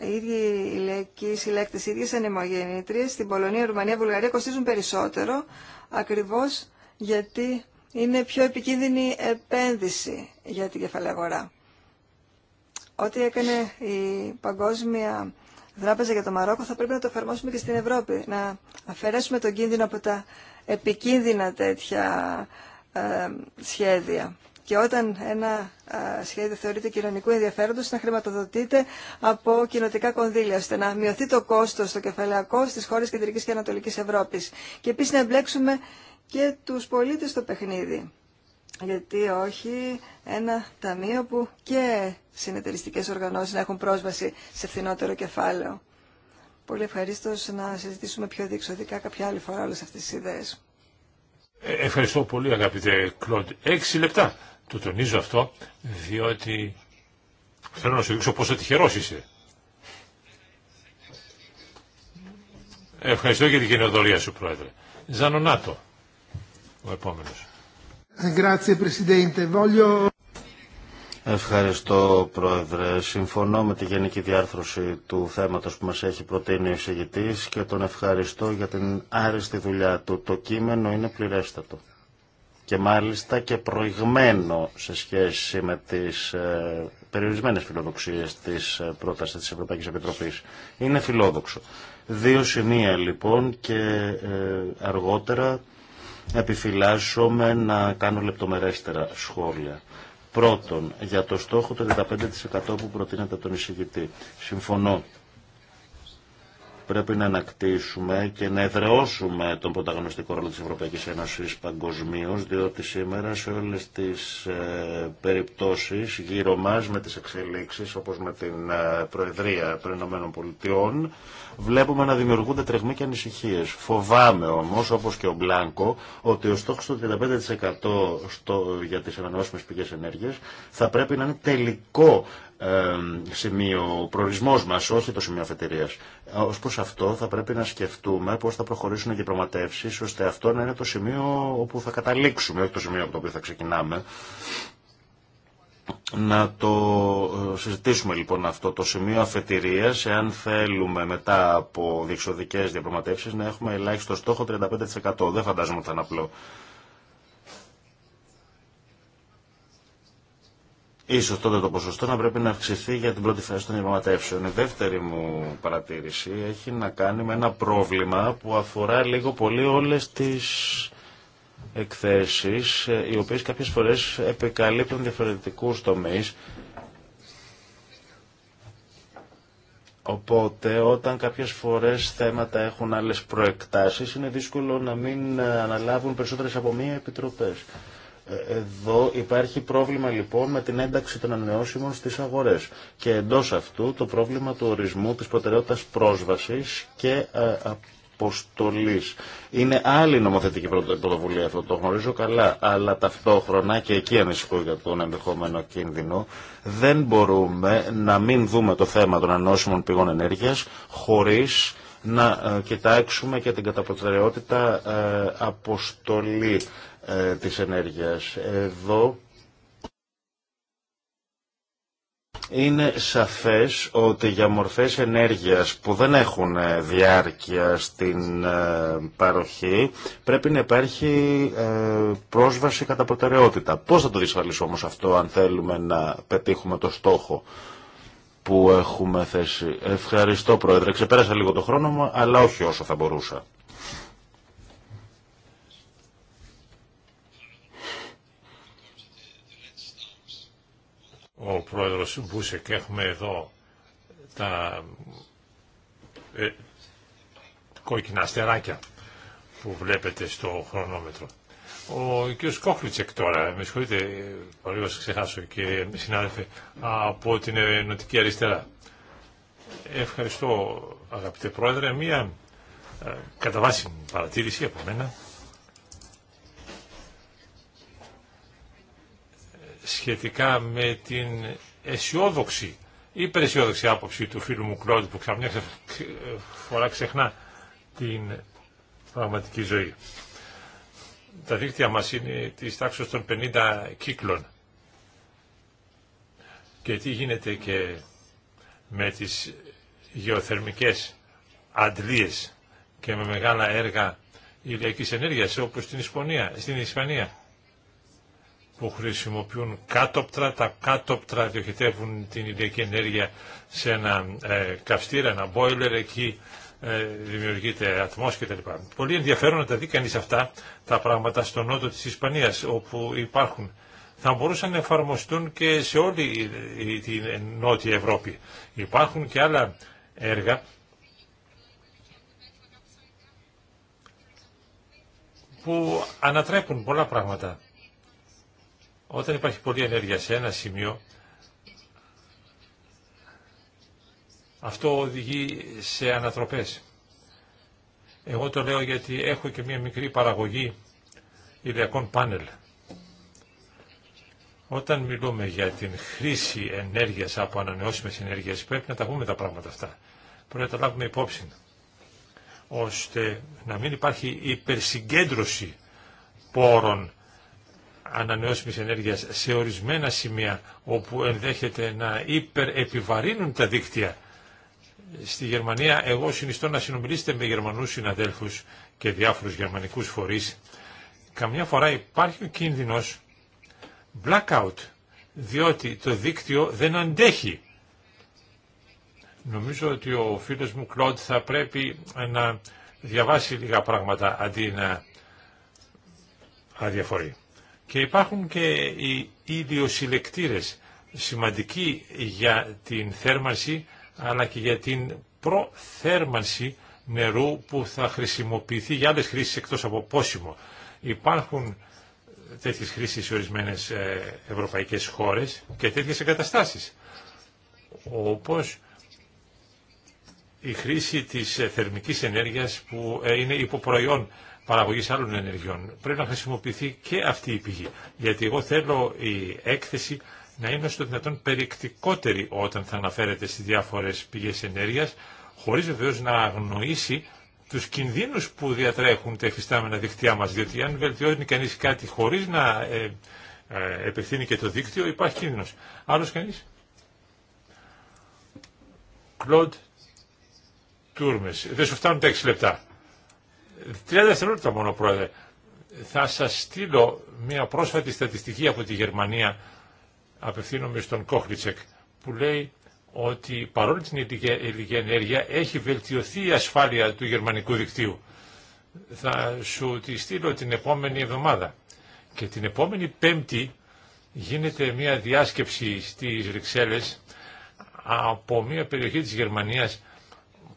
οι ίδιοι ηλιακοί συλλέκτες, οι ίδιες ανεμογεννήτριες στην Πολωνία, Ρουμανία, Βουλγαρία κοστίζουν περισσότερο ακριβώς γιατί είναι πιο επικίνδυνη επένδυση για την αγορά. Ό,τι έκανε η Παγκόσμια Δράπεζα για το Μαρόκο θα πρέπει να το εφαρμόσουμε και στην Ευρώπη. Να αφαιρέσουμε τον κίνδυνο από τα επικίνδυνα τέτοια ε, σχέδια. Και όταν ένα σχέδιο θεωρείται κοινωνικού ενδιαφέροντος, να χρηματοδοτείται από κοινοτικά κονδύλια, ώστε να μειωθεί το κόστος, το κεφαλαιακό στις χώρες Κεντρικής και Ανατολικής Ευρώπης. Και επίσης να εμπλέξουμε και τους πολίτες στο παιχνίδι. Γιατί όχι ένα ταμείο που και συνεταιριστικέ οργανώσεις να έχουν πρόσβαση σε φθηνότερο κεφάλαιο. Πολύ ευχαρίστω να συζητήσουμε πιο διεξοδικά κάποια άλλη φορά όλε αυτές τι ιδέες. Ε, ευχαριστώ πολύ αγαπητέ Κλοντ. Έξι λεπτά το τονίζω αυτό διότι θέλω να σου δείξω πόσο τυχερός είσαι. Ευχαριστώ για την κοινοδορία σου, Πρόεδρε. Ζανονάτο, ο επόμενος. Ευχαριστώ, Πρόεδρε. Συμφωνώ με τη γενική διάρθρωση του θέματος που μας έχει προτείνει ο εισηγητής και τον ευχαριστώ για την άριστη δουλειά του. Το κείμενο είναι πληρέστατο και μάλιστα και προηγμένο σε σχέση με τις ε, περιορισμένες φιλοδοξίες της ε, πρότασης της Ευρωπαϊκής Επιτροπής. Είναι φιλόδοξο. Δύο σημεία λοιπόν και ε, αργότερα επιφυλάσσομαι να κάνω λεπτομερέστερα σχόλια. Πρώτον, για το στόχο του 35% που προτείνεται τον εισηγητή. Συμφωνώ Πρέπει να ανακτήσουμε και να εδραιώσουμε τον πρωταγωνιστικό ρόλο της Ευρωπαϊκής Ένωσης παγκοσμίω, διότι σήμερα σε όλες τις ε, περιπτώσεις γύρω μας με τις εξελίξεις, όπως με την ε, Προεδρία των Ηνωμένων Πολιτειών, βλέπουμε να δημιουργούνται τρεγμοί και ανησυχίες. Φοβάμαι όμως, όπως και ο Μπλάνκο, ότι ο στόχος του 35% στο, για τις ανανεώσιμες πηγές ενέργειας θα πρέπει να είναι τελικό σημείο προορισμός μας, όχι το σημείο αφετηρίας. Ως προς αυτό θα πρέπει να σκεφτούμε πώς θα προχωρήσουν οι διαπραγματεύσεις, ώστε αυτό να είναι το σημείο όπου θα καταλήξουμε, όχι το σημείο από το οποίο θα ξεκινάμε. Να το ε, συζητήσουμε λοιπόν αυτό το σημείο αφετηρίας, εάν θέλουμε μετά από διεξοδικές διαπραγματεύσεις να έχουμε ελάχιστο στόχο 35%. Δεν φαντάζομαι ότι θα είναι απλό. Ίσως τότε το ποσοστό να πρέπει να αυξηθεί για την πρώτη φάση των διαπραγματεύσεων. Η δεύτερη μου παρατήρηση έχει να κάνει με ένα πρόβλημα που αφορά λίγο πολύ όλες τις εκθέσει, ε, οι οποίες κάποιες φορές επικαλύπτουν διαφορετικούς τομείς. Οπότε όταν κάποιες φορές θέματα έχουν άλλες προεκτάσεις είναι δύσκολο να μην αναλάβουν περισσότερες από μία επιτροπές. Ε, εδώ υπάρχει πρόβλημα λοιπόν με την ένταξη των ανανεώσιμων στις αγορές και εντός αυτού το πρόβλημα του ορισμού της προτεραιότητας πρόσβασης και ε, αποστολής. Είναι άλλη νομοθετική πρωτοβουλία αυτό, το γνωρίζω καλά, αλλά ταυτόχρονα και εκεί ανησυχώ για τον ενδεχόμενο κίνδυνο, δεν μπορούμε να μην δούμε το θέμα των ανεώσιμων πηγών ενέργειας χωρίς να ε, κοιτάξουμε και την καταπροτεραιότητα αποστολή ε, της ενέργειας. Εδώ είναι σαφές ότι για μορφές ενέργειας που δεν έχουν ε, διάρκεια στην ε, παροχή πρέπει να υπάρχει ε, πρόσβαση κατά προτεραιότητα. Πώς θα το δυσφαλίσω όμως αυτό αν θέλουμε να πετύχουμε το στόχο που έχουμε θέσει. Ευχαριστώ Πρόεδρε. Ξεπέρασα λίγο το χρόνο μου αλλά όχι όσο θα μπορούσα. ο πρόεδρος Μπούσεκ. Έχουμε εδώ τα ε, κόκκινα αστεράκια που βλέπετε στο χρονόμετρο. Ο κ. Κόχλιτσεκ τώρα, με συγχωρείτε, πολύ να ξεχάσω και συνάδελφε, από την Νοτική Αριστερά. Ευχαριστώ αγαπητέ πρόεδρε, μία ε, κατά βάση παρατήρηση από μένα. σχετικά με την αισιόδοξη ή υπεραισιόδοξη άποψη του φίλου μου Κλόντ που ξαφνιά φορά ξεχνά την πραγματική ζωή. Τα δίκτυα μας είναι της τάξης των 50 κύκλων. Και τι γίνεται και με τις γεωθερμικές αντλίες και με μεγάλα έργα ηλιακής ενέργειας όπως στην Ισπανία. Στην Ισπανία που χρησιμοποιούν κάτοπτρα. Τα κάτοπτρα διοχετεύουν την ηλιακή ενέργεια σε ένα ε, καυστήρα, ένα μποιλερ. εκεί ε, δημιουργείται ατμός κτλ. Πολύ ενδιαφέρον να τα δει κανείς αυτά τα πράγματα στο νότο της Ισπανίας όπου υπάρχουν. Θα μπορούσαν να εφαρμοστούν και σε όλη την νότια Ευρώπη. Υπάρχουν και άλλα έργα που ανατρέπουν πολλά πράγματα. Όταν υπάρχει πολλή ενέργεια σε ένα σημείο, αυτό οδηγεί σε ανατροπές. Εγώ το λέω γιατί έχω και μία μικρή παραγωγή ηλιακών πάνελ. Όταν μιλούμε για την χρήση ενέργειας από ανανεώσιμες ενέργειες, πρέπει να τα πούμε τα πράγματα αυτά. Πρέπει να τα λάβουμε υπόψη, ώστε να μην υπάρχει υπερσυγκέντρωση πόρων ανανεώσιμης ενέργειας σε ορισμένα σημεία όπου ενδέχεται να υπερεπιβαρύνουν τα δίκτυα στη Γερμανία εγώ συνιστώ να συνομιλήσετε με Γερμανούς συναδέλφους και διάφορους γερμανικούς φορείς καμιά φορά υπάρχει ο κίνδυνος blackout διότι το δίκτυο δεν αντέχει νομίζω ότι ο φίλος μου Κλοντ θα πρέπει να διαβάσει λίγα πράγματα αντί να αδιαφορεί. Και υπάρχουν και οι ιδιοσυλλεκτήρες σημαντικοί για την θέρμανση αλλά και για την προθέρμανση νερού που θα χρησιμοποιηθεί για άλλες χρήσεις εκτός από πόσιμο. Υπάρχουν τέτοιες χρήσεις σε ορισμένες ε, ευρωπαϊκές χώρες και τέτοιες εγκαταστάσεις. Όπως η χρήση της ε, θερμικής ενέργειας που ε, είναι υποπροϊόν παραγωγής άλλων ενεργειών. Πρέπει να χρησιμοποιηθεί και αυτή η πηγή. Γιατί εγώ θέλω η έκθεση να είναι στο δυνατόν περιεκτικότερη όταν θα αναφέρεται στις διάφορες πηγές ενέργειας, χωρίς βεβαίως να αγνοήσει τους κινδύνους που διατρέχουν τα εφιστάμενα δίκτυά μας, διότι αν βελτιώνει κανείς κάτι χωρίς να ε, ε επεκτείνει και το δίκτυο, υπάρχει κίνδυνος. Άλλος κανείς? Κλοντ Τούρμες. Δεν σου φτάνουν τα 6 λεπτά. Τρία δευτερόλεπτα μόνο, Πρόεδρε. Θα σας στείλω μια πρόσφατη στατιστική από τη Γερμανία, απευθύνομαι στον Κόχλιτσεκ, που λέει ότι παρόλη την ελληνική ενέργεια έχει βελτιωθεί η ασφάλεια του γερμανικού δικτύου. Θα σου τη στείλω την επόμενη εβδομάδα. Και την επόμενη πέμπτη γίνεται μια διάσκεψη στις Ρυξέλλες από μια περιοχή της Γερμανίας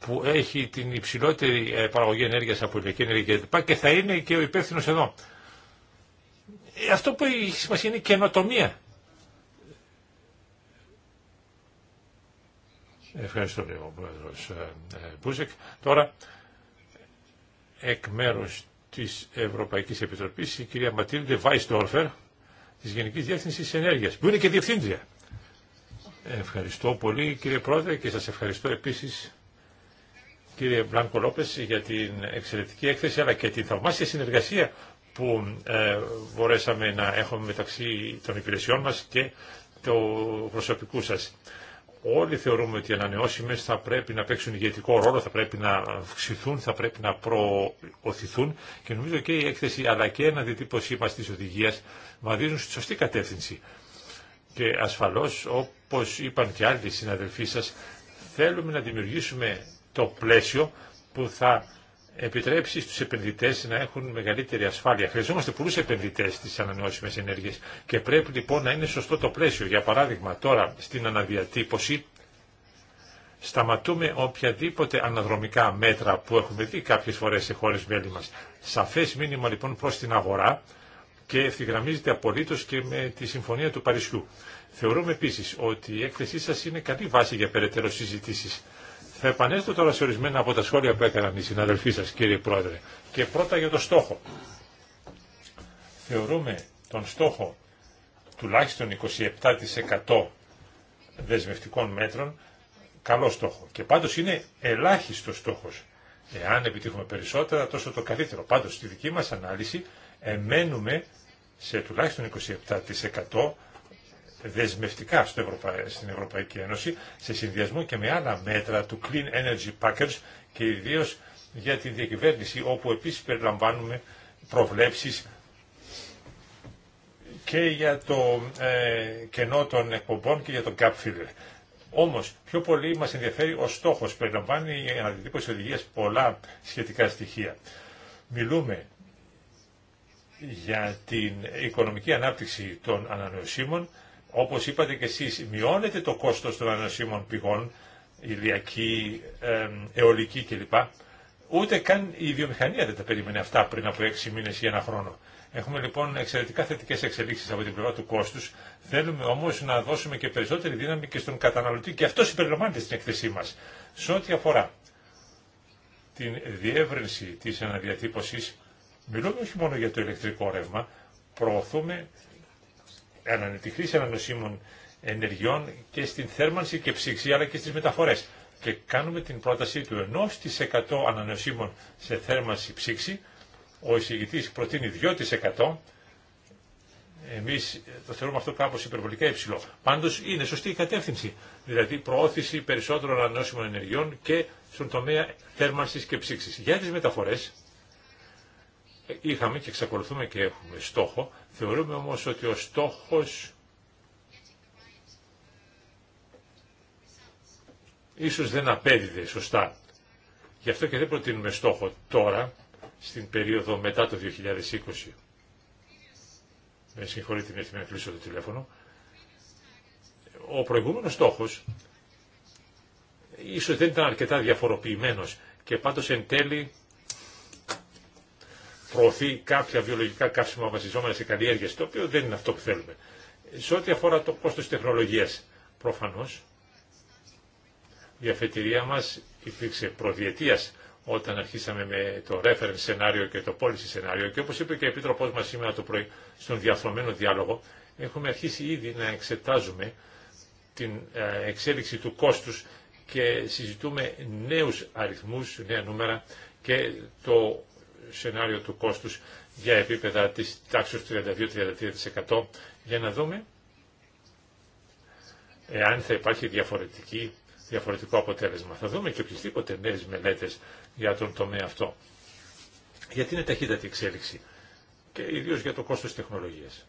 που έχει την υψηλότερη ε, παραγωγή ενέργειας από ηλιακή ενέργεια κλπ. και θα είναι και ο υπεύθυνο εδώ. Ε, αυτό που έχει σημασία είναι η καινοτομία. Ευχαριστώ λέει ο ε, Μπούζεκ. Τώρα, εκ μέρου της Ευρωπαϊκής Επιτροπής, η κυρία Ματίλντε Βάιστόρφερ, της Γενικής Διεύθυνσης Ενέργεια, που είναι και διευθύντρια. Ευχαριστώ πολύ κύριε Πρόεδρε και σα ευχαριστώ επίση κύριε Μπλάνκο Λόπες για την εξαιρετική έκθεση αλλά και την θαυμάσια συνεργασία που ε, μπορέσαμε να έχουμε μεταξύ των υπηρεσιών μας και του προσωπικού σας. Όλοι θεωρούμε ότι οι ανανεώσιμες θα πρέπει να παίξουν ηγετικό ρόλο, θα πρέπει να αυξηθούν, θα πρέπει να προωθηθούν και νομίζω και η έκθεση αλλά και ένα διτύπωσή μας της οδηγίας μαδίζουν στη σωστή κατεύθυνση. Και ασφαλώς, όπως είπαν και άλλοι συναδελφοί σας, θέλουμε να δημιουργήσουμε το πλαίσιο που θα επιτρέψει στους επενδυτές να έχουν μεγαλύτερη ασφάλεια. Χρειαζόμαστε πολλούς επενδυτές στις ανανεώσιμες ενέργειες και πρέπει λοιπόν να είναι σωστό το πλαίσιο. Για παράδειγμα τώρα στην αναδιατύπωση σταματούμε οποιαδήποτε αναδρομικά μέτρα που έχουμε δει κάποιες φορές σε χώρες μέλη μας. Σαφές μήνυμα λοιπόν προς την αγορά και ευθυγραμμίζεται απολύτω και με τη Συμφωνία του Παρισιού. Θεωρούμε επίσης ότι η έκθεσή σας είναι καλή βάση για περαιτέρω συζητήσεις θα επανέλθω τώρα σε ορισμένα από τα σχόλια που έκαναν οι συναδελφοί σας κύριε Πρόεδρε και πρώτα για το στόχο. Θεωρούμε τον στόχο τουλάχιστον 27% δεσμευτικών μέτρων καλό στόχο και πάντως είναι ελάχιστο στόχος. Εάν επιτύχουμε περισσότερα τόσο το καλύτερο. Πάντως στη δική μας ανάλυση εμένουμε σε τουλάχιστον 27% δεσμευτικά στην Ευρωπαϊκή Ένωση σε συνδυασμό και με άλλα μέτρα του Clean Energy Package και ιδίω για την διακυβέρνηση όπου επίσης περιλαμβάνουμε προβλέψεις και για το ε, κενό των εκπομπών και για το gap filler. Όμως, πιο πολύ μας ενδιαφέρει ο στόχος. Περιλαμβάνει η της οδηγίας πολλά σχετικά στοιχεία. Μιλούμε για την οικονομική ανάπτυξη των ανανεωσίμων, όπως είπατε και εσείς, μειώνεται το κόστος των ανασύμων πηγών, ηλιακή, αιωλική κλπ. Ούτε καν η βιομηχανία δεν τα περίμενε αυτά πριν από έξι μήνες ή ένα χρόνο. Έχουμε λοιπόν εξαιρετικά θετικέ εξελίξει από την πλευρά του κόστου. Θέλουμε όμω να δώσουμε και περισσότερη δύναμη και στον καταναλωτή και αυτό συμπεριλαμβάνεται στην εκθεσή μα. Σε ό,τι αφορά την διεύρυνση τη αναδιατύπωση, μιλούμε όχι μόνο για το ηλεκτρικό ρεύμα, προωθούμε τη χρήση ανανεωσίμων ενεργειών και στην θέρμανση και ψήξη αλλά και στις μεταφορές. Και κάνουμε την πρόταση του 1% ανανεωσίμων σε θέρμανση ψήξη. Ο εισηγητής προτείνει 2%. Εμεί το θεωρούμε αυτό κάπως υπερβολικά υψηλό. Πάντως είναι σωστή η κατεύθυνση. Δηλαδή προώθηση περισσότερων ανανεώσιμων ενεργειών και στον τομέα θέρμανσης και ψήξη. Για τι μεταφορέ είχαμε και εξακολουθούμε και έχουμε στόχο. Θεωρούμε όμως ότι ο στόχος ίσως δεν απέδιδε σωστά. Γι' αυτό και δεν προτείνουμε στόχο τώρα, στην περίοδο μετά το 2020. Με την την να κλείσω το τηλέφωνο. Ο προηγούμενος στόχος ίσως δεν ήταν αρκετά διαφοροποιημένος και πάντως εν τέλει προωθεί κάποια βιολογικά καύσιμα βασιζόμενα σε καλλιέργειες, το οποίο δεν είναι αυτό που θέλουμε. Σε ό,τι αφορά το κόστος τεχνολογίας, προφανώς η αφετηρία μας υπήρξε προδιετίας όταν αρχίσαμε με το reference σενάριο και το policy σενάριο και όπως είπε και η Επίτροπός μας σήμερα το πρωί στον διαφρομένο διάλογο έχουμε αρχίσει ήδη να εξετάζουμε την ε, εξέλιξη του κόστους και συζητούμε νέους αριθμούς, νέα νούμερα και το σενάριο του κόστους για επίπεδα της τάξης 32-33% για να δούμε εάν θα υπάρχει διαφορετική, διαφορετικό αποτέλεσμα. Θα δούμε και οποιασδήποτε νέε μελέτες για τον τομέα αυτό. Γιατί είναι ταχύτατη εξέλιξη και ιδίως για το κόστος τεχνολογίας.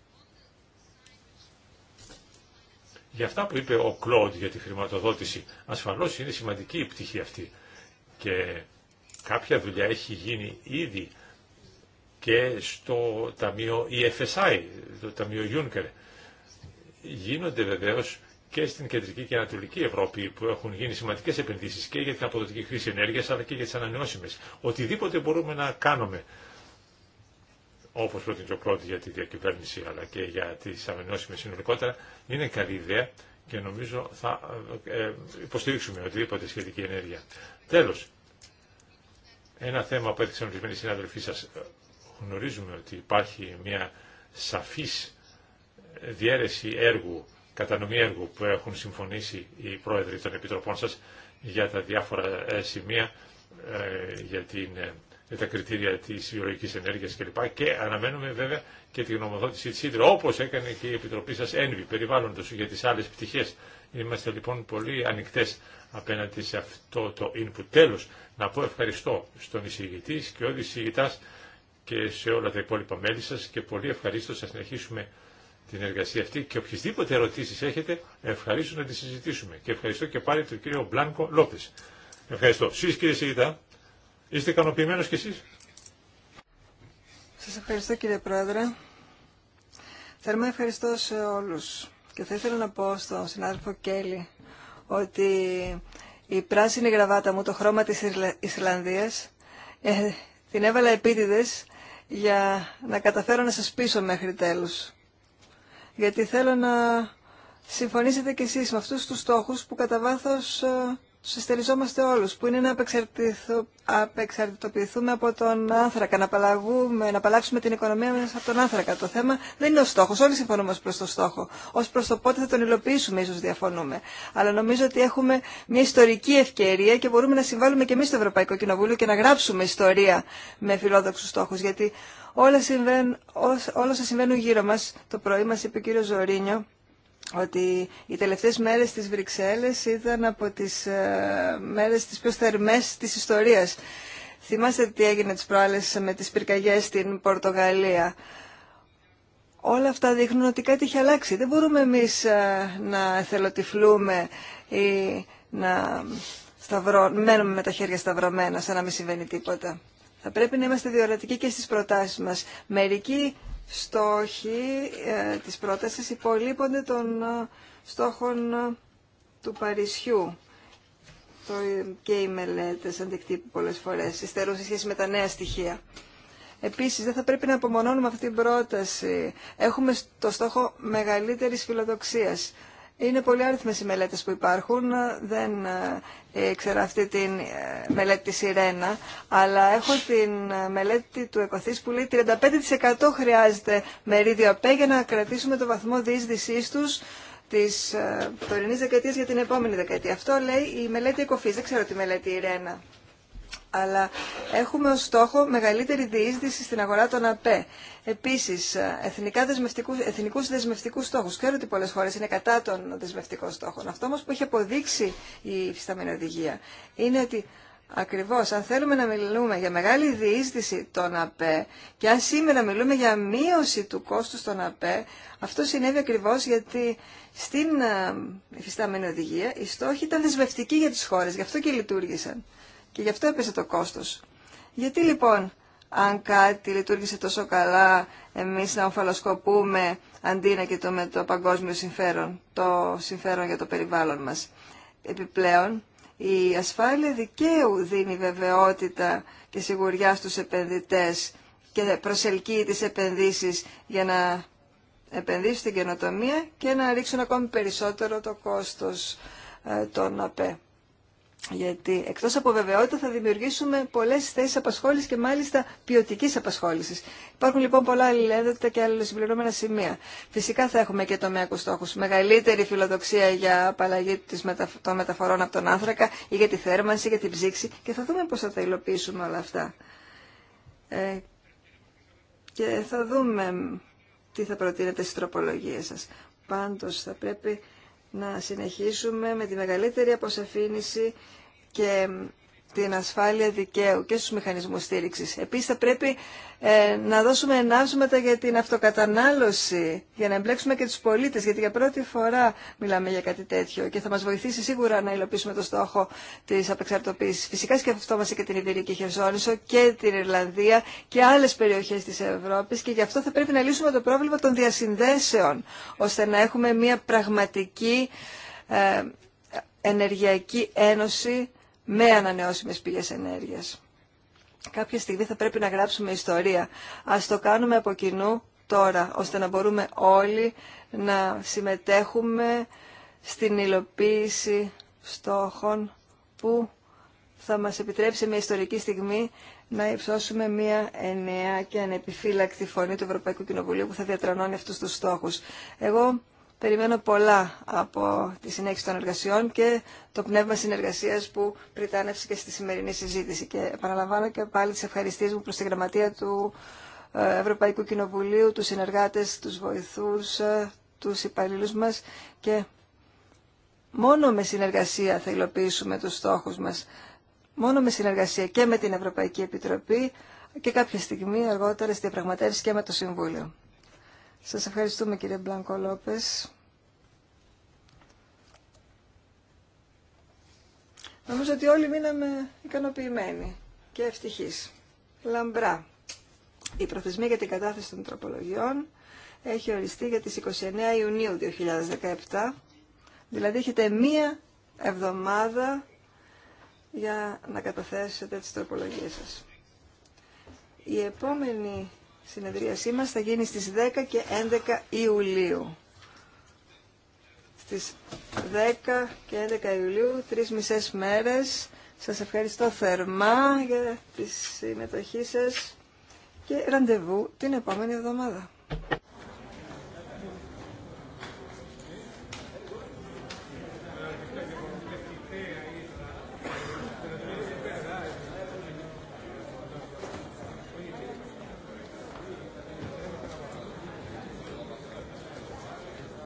Για αυτά που είπε ο Κλόντ για τη χρηματοδότηση, ασφαλώς είναι σημαντική η πτυχή αυτή. Και Κάποια δουλειά έχει γίνει ήδη και στο Ταμείο EFSI, το Ταμείο Juncker. Γίνονται βεβαίως και στην Κεντρική και Ανατολική Ευρώπη που έχουν γίνει σημαντικές επενδύσεις και για την αποδοτική χρήση ενέργειας αλλά και για τις ανανεώσιμες. Οτιδήποτε μπορούμε να κάνουμε όπως πρότεινε ο πρώτη για τη διακυβέρνηση αλλά και για τις ανανεώσιμες συνολικότερα είναι καλή ιδέα και νομίζω θα ε, υποστηρίξουμε οτιδήποτε σχετική ενέργεια. Τέλο. Ένα θέμα που έθιξαν ορισμένοι συνάδελφοί σας, γνωρίζουμε ότι υπάρχει μια σαφής διαίρεση έργου, κατανομή έργου που έχουν συμφωνήσει οι πρόεδροι των επιτροπών σας για τα διάφορα ε, σημεία, ε, για, την, ε, για τα κριτήρια της βιολογικής ενέργειας κλπ. Και αναμένουμε βέβαια και τη γνωμοδότηση της Ήτρα, όπως έκανε και η Επιτροπή σας ένβη περιβάλλοντος για τις άλλες πτυχές Είμαστε λοιπόν πολύ ανοιχτέ απέναντι σε αυτό το input. τέλο να πω ευχαριστώ στον εισηγητή και όλοι εισηγητάς και σε όλα τα υπόλοιπα μέλη σα, και πολύ ευχαριστώ να συνεχίσουμε την εργασία αυτή και οποιασδήποτε ερωτήσει έχετε ευχαριστώ να τις συζητήσουμε και ευχαριστώ και πάλι τον κύριο Μπλάνκο Λόπε. Ευχαριστώ. Σεις κύριε Σιγητά, είστε ικανοποιημένο κι εσεί. Σα ευχαριστώ κύριε Πρόεδρε. Θερμά ευχαριστώ σε όλους και θα ήθελα να πω στον συνάδελφο Κέλλη ότι η πράσινη γραβάτα μου, το χρώμα της Ισλανδίας, ε, την έβαλα επίτηδες για να καταφέρω να σας πείσω μέχρι τέλους. Γιατί θέλω να συμφωνήσετε κι εσείς με αυτούς τους στόχους που κατά βάθος ε, του εστεριζόμαστε όλου, που είναι να απεξαρτητοποιηθούμε από τον άνθρακα, να, απαλλαγούμε, να απαλλάξουμε την οικονομία μα από τον άνθρακα. Το θέμα δεν είναι ο στόχο, όλοι συμφωνούμε προ το στόχο. Ω προ το πότε θα τον υλοποιήσουμε ίσω διαφωνούμε. Αλλά νομίζω ότι έχουμε μια ιστορική ευκαιρία και μπορούμε να συμβάλλουμε και εμεί στο Ευρωπαϊκό Κοινοβούλιο και να γράψουμε ιστορία με φιλόδοξου στόχου, Γιατί όλα, συμβαίν, όλα συμβαίνουν γύρω μα, το πρωί μα είπε ο κύριο Ζωρίνιο, ότι οι τελευταίες μέρες στις Βρυξέλλες ήταν από τις ε, μέρες τις πιο θερμές της ιστορίας. Θυμάστε τι έγινε τις προάλλες με τις πυρκαγιές στην Πορτογαλία. Όλα αυτά δείχνουν ότι κάτι έχει αλλάξει. Δεν μπορούμε εμείς ε, να θελοτυφλούμε ή να μένουμε με τα χέρια σταυρωμένα σαν να μην συμβαίνει τίποτα. Θα πρέπει να είμαστε διορατικοί και στις προτάσεις μας. Μερικοί στόχοι ε, της πρότασης υπολείπονται των ε, στόχων ε, του Παρισιού το, και οι μελέτες αντικτύπου πολλές φορές υστερούν σε σχέση με τα νέα στοιχεία. Επίσης, δεν θα πρέπει να απομονώνουμε αυτή την πρόταση. Έχουμε το στόχο μεγαλύτερης φιλοδοξίας. Είναι πολύ άριθμες οι μελέτες που υπάρχουν. Δεν ε, ήξερα αυτή τη ε, μελέτη της Ιρένα, αλλά έχω την ε, μελέτη του ΕΚΟΘΗΣ που λέει 35% χρειάζεται μερίδιο ΑΠΕ για να κρατήσουμε το βαθμό διείσδυσής τους της τωρινής δεκαετίας για την επόμενη δεκαετία. Αυτό λέει η μελέτη ΕΚΟΦΗΣ. Δεν ξέρω τη μελέτη Ιρένα αλλά έχουμε ως στόχο μεγαλύτερη διείσδυση στην αγορά των ΑΠΕ. Επίσης, εθνικά δεσμευτικούς, εθνικούς δεσμευτικούς στόχους. Ξέρω ότι πολλές χώρες είναι κατά των δεσμευτικών στόχων. Αυτό όμως που έχει αποδείξει η υφισταμένη οδηγία είναι ότι Ακριβώς, αν θέλουμε να μιλούμε για μεγάλη διείσδυση των ΑΠΕ και αν σήμερα μιλούμε για μείωση του κόστου των ΑΠΕ, αυτό συνέβη ακριβώς γιατί στην ε, υφιστάμενη οδηγία οι στόχοι ήταν δεσμευτικοί για τις χώρες, γι' αυτό και λειτουργήσαν. Και γι' αυτό έπεσε το κόστος. Γιατί λοιπόν, αν κάτι λειτουργήσε τόσο καλά, εμείς να ομφαλοσκοπούμε αντί να κοιτούμε το παγκόσμιο συμφέρον, το συμφέρον για το περιβάλλον μας. Επιπλέον, η ασφάλεια δικαίου δίνει βεβαιότητα και σιγουριά στους επενδυτές και προσελκύει τις επενδύσεις για να επενδύσουν στην καινοτομία και να ρίξουν ακόμη περισσότερο το κόστος ε, των ΑΠΕ. Γιατί εκτό από βεβαιότητα θα δημιουργήσουμε πολλέ θέσει απασχόλησης και μάλιστα ποιοτική απασχόληση. Υπάρχουν λοιπόν πολλά αλληλένδετα και αλληλοσυμπληρώμενα σημεία. Φυσικά θα έχουμε και τομέακου στόχου. Μεγαλύτερη φιλοδοξία για απαλλαγή των μεταφορών από τον άνθρακα ή για τη θέρμανση, για την ψήξη και θα δούμε πώ θα τα υλοποιήσουμε όλα αυτά. Ε, και θα δούμε τι θα προτείνετε στι τροπολογίε σα. Πάντως θα πρέπει να συνεχίσουμε με τη μεγαλύτερη αποσαφήνιση και την ασφάλεια δικαίου και στους μηχανισμούς στήριξης. Επίσης θα πρέπει ε, να δώσουμε ενάψματα για την αυτοκατανάλωση, για να εμπλέξουμε και τους πολίτες, γιατί για πρώτη φορά μιλάμε για κάτι τέτοιο και θα μας βοηθήσει σίγουρα να υλοποιήσουμε το στόχο της απεξαρτοποίησης. Φυσικά σκεφτόμαστε και την Ιβηρική Χερσόνησο και την Ιρλανδία και άλλες περιοχές της Ευρώπης και γι' αυτό θα πρέπει να λύσουμε το πρόβλημα των διασυνδέσεων, ώστε να έχουμε μια πραγματική ε, ενεργειακή ένωση με ανανεώσιμες πηγές ενέργειας. Κάποια στιγμή θα πρέπει να γράψουμε ιστορία. Ας το κάνουμε από κοινού τώρα, ώστε να μπορούμε όλοι να συμμετέχουμε στην υλοποίηση στόχων που θα μας επιτρέψει μια ιστορική στιγμή να υψώσουμε μια ενιαία και ανεπιφύλακτη φωνή του Ευρωπαϊκού Κοινοβουλίου που θα διατρανώνει αυτούς τους στόχους. Εγώ Περιμένω πολλά από τη συνέχιση των εργασιών και το πνεύμα συνεργασίας που πριτάνευσε και στη σημερινή συζήτηση. Και επαναλαμβάνω και πάλι τις ευχαριστίες μου προς τη γραμματεία του ε, Ευρωπαϊκού Κοινοβουλίου, τους συνεργάτες, τους βοηθούς, ε, τους υπαλλήλους μας και μόνο με συνεργασία θα υλοποιήσουμε τους στόχους μας. Μόνο με συνεργασία και με την Ευρωπαϊκή Επιτροπή και κάποια στιγμή αργότερα στη διαπραγματεύση και με το Συμβούλιο. Σας ευχαριστούμε κύριε Μπλάνκο Λόπες. Νομίζω ότι όλοι μείναμε ικανοποιημένοι και ευτυχείς. Λαμπρά. Η προθεσμία για την κατάθεση των τροπολογιών έχει οριστεί για τις 29 Ιουνίου 2017, δηλαδή έχετε μία εβδομάδα για να καταθέσετε τις τροπολογίες σας. Η επόμενη συνεδρίασή μας θα γίνει στις 10 και 11 Ιουλίου. Στις 10 και 11 Ιουλίου, τρεις μισές μέρες. Σας ευχαριστώ θερμά για τη συμμετοχή σας και ραντεβού την επόμενη εβδομάδα.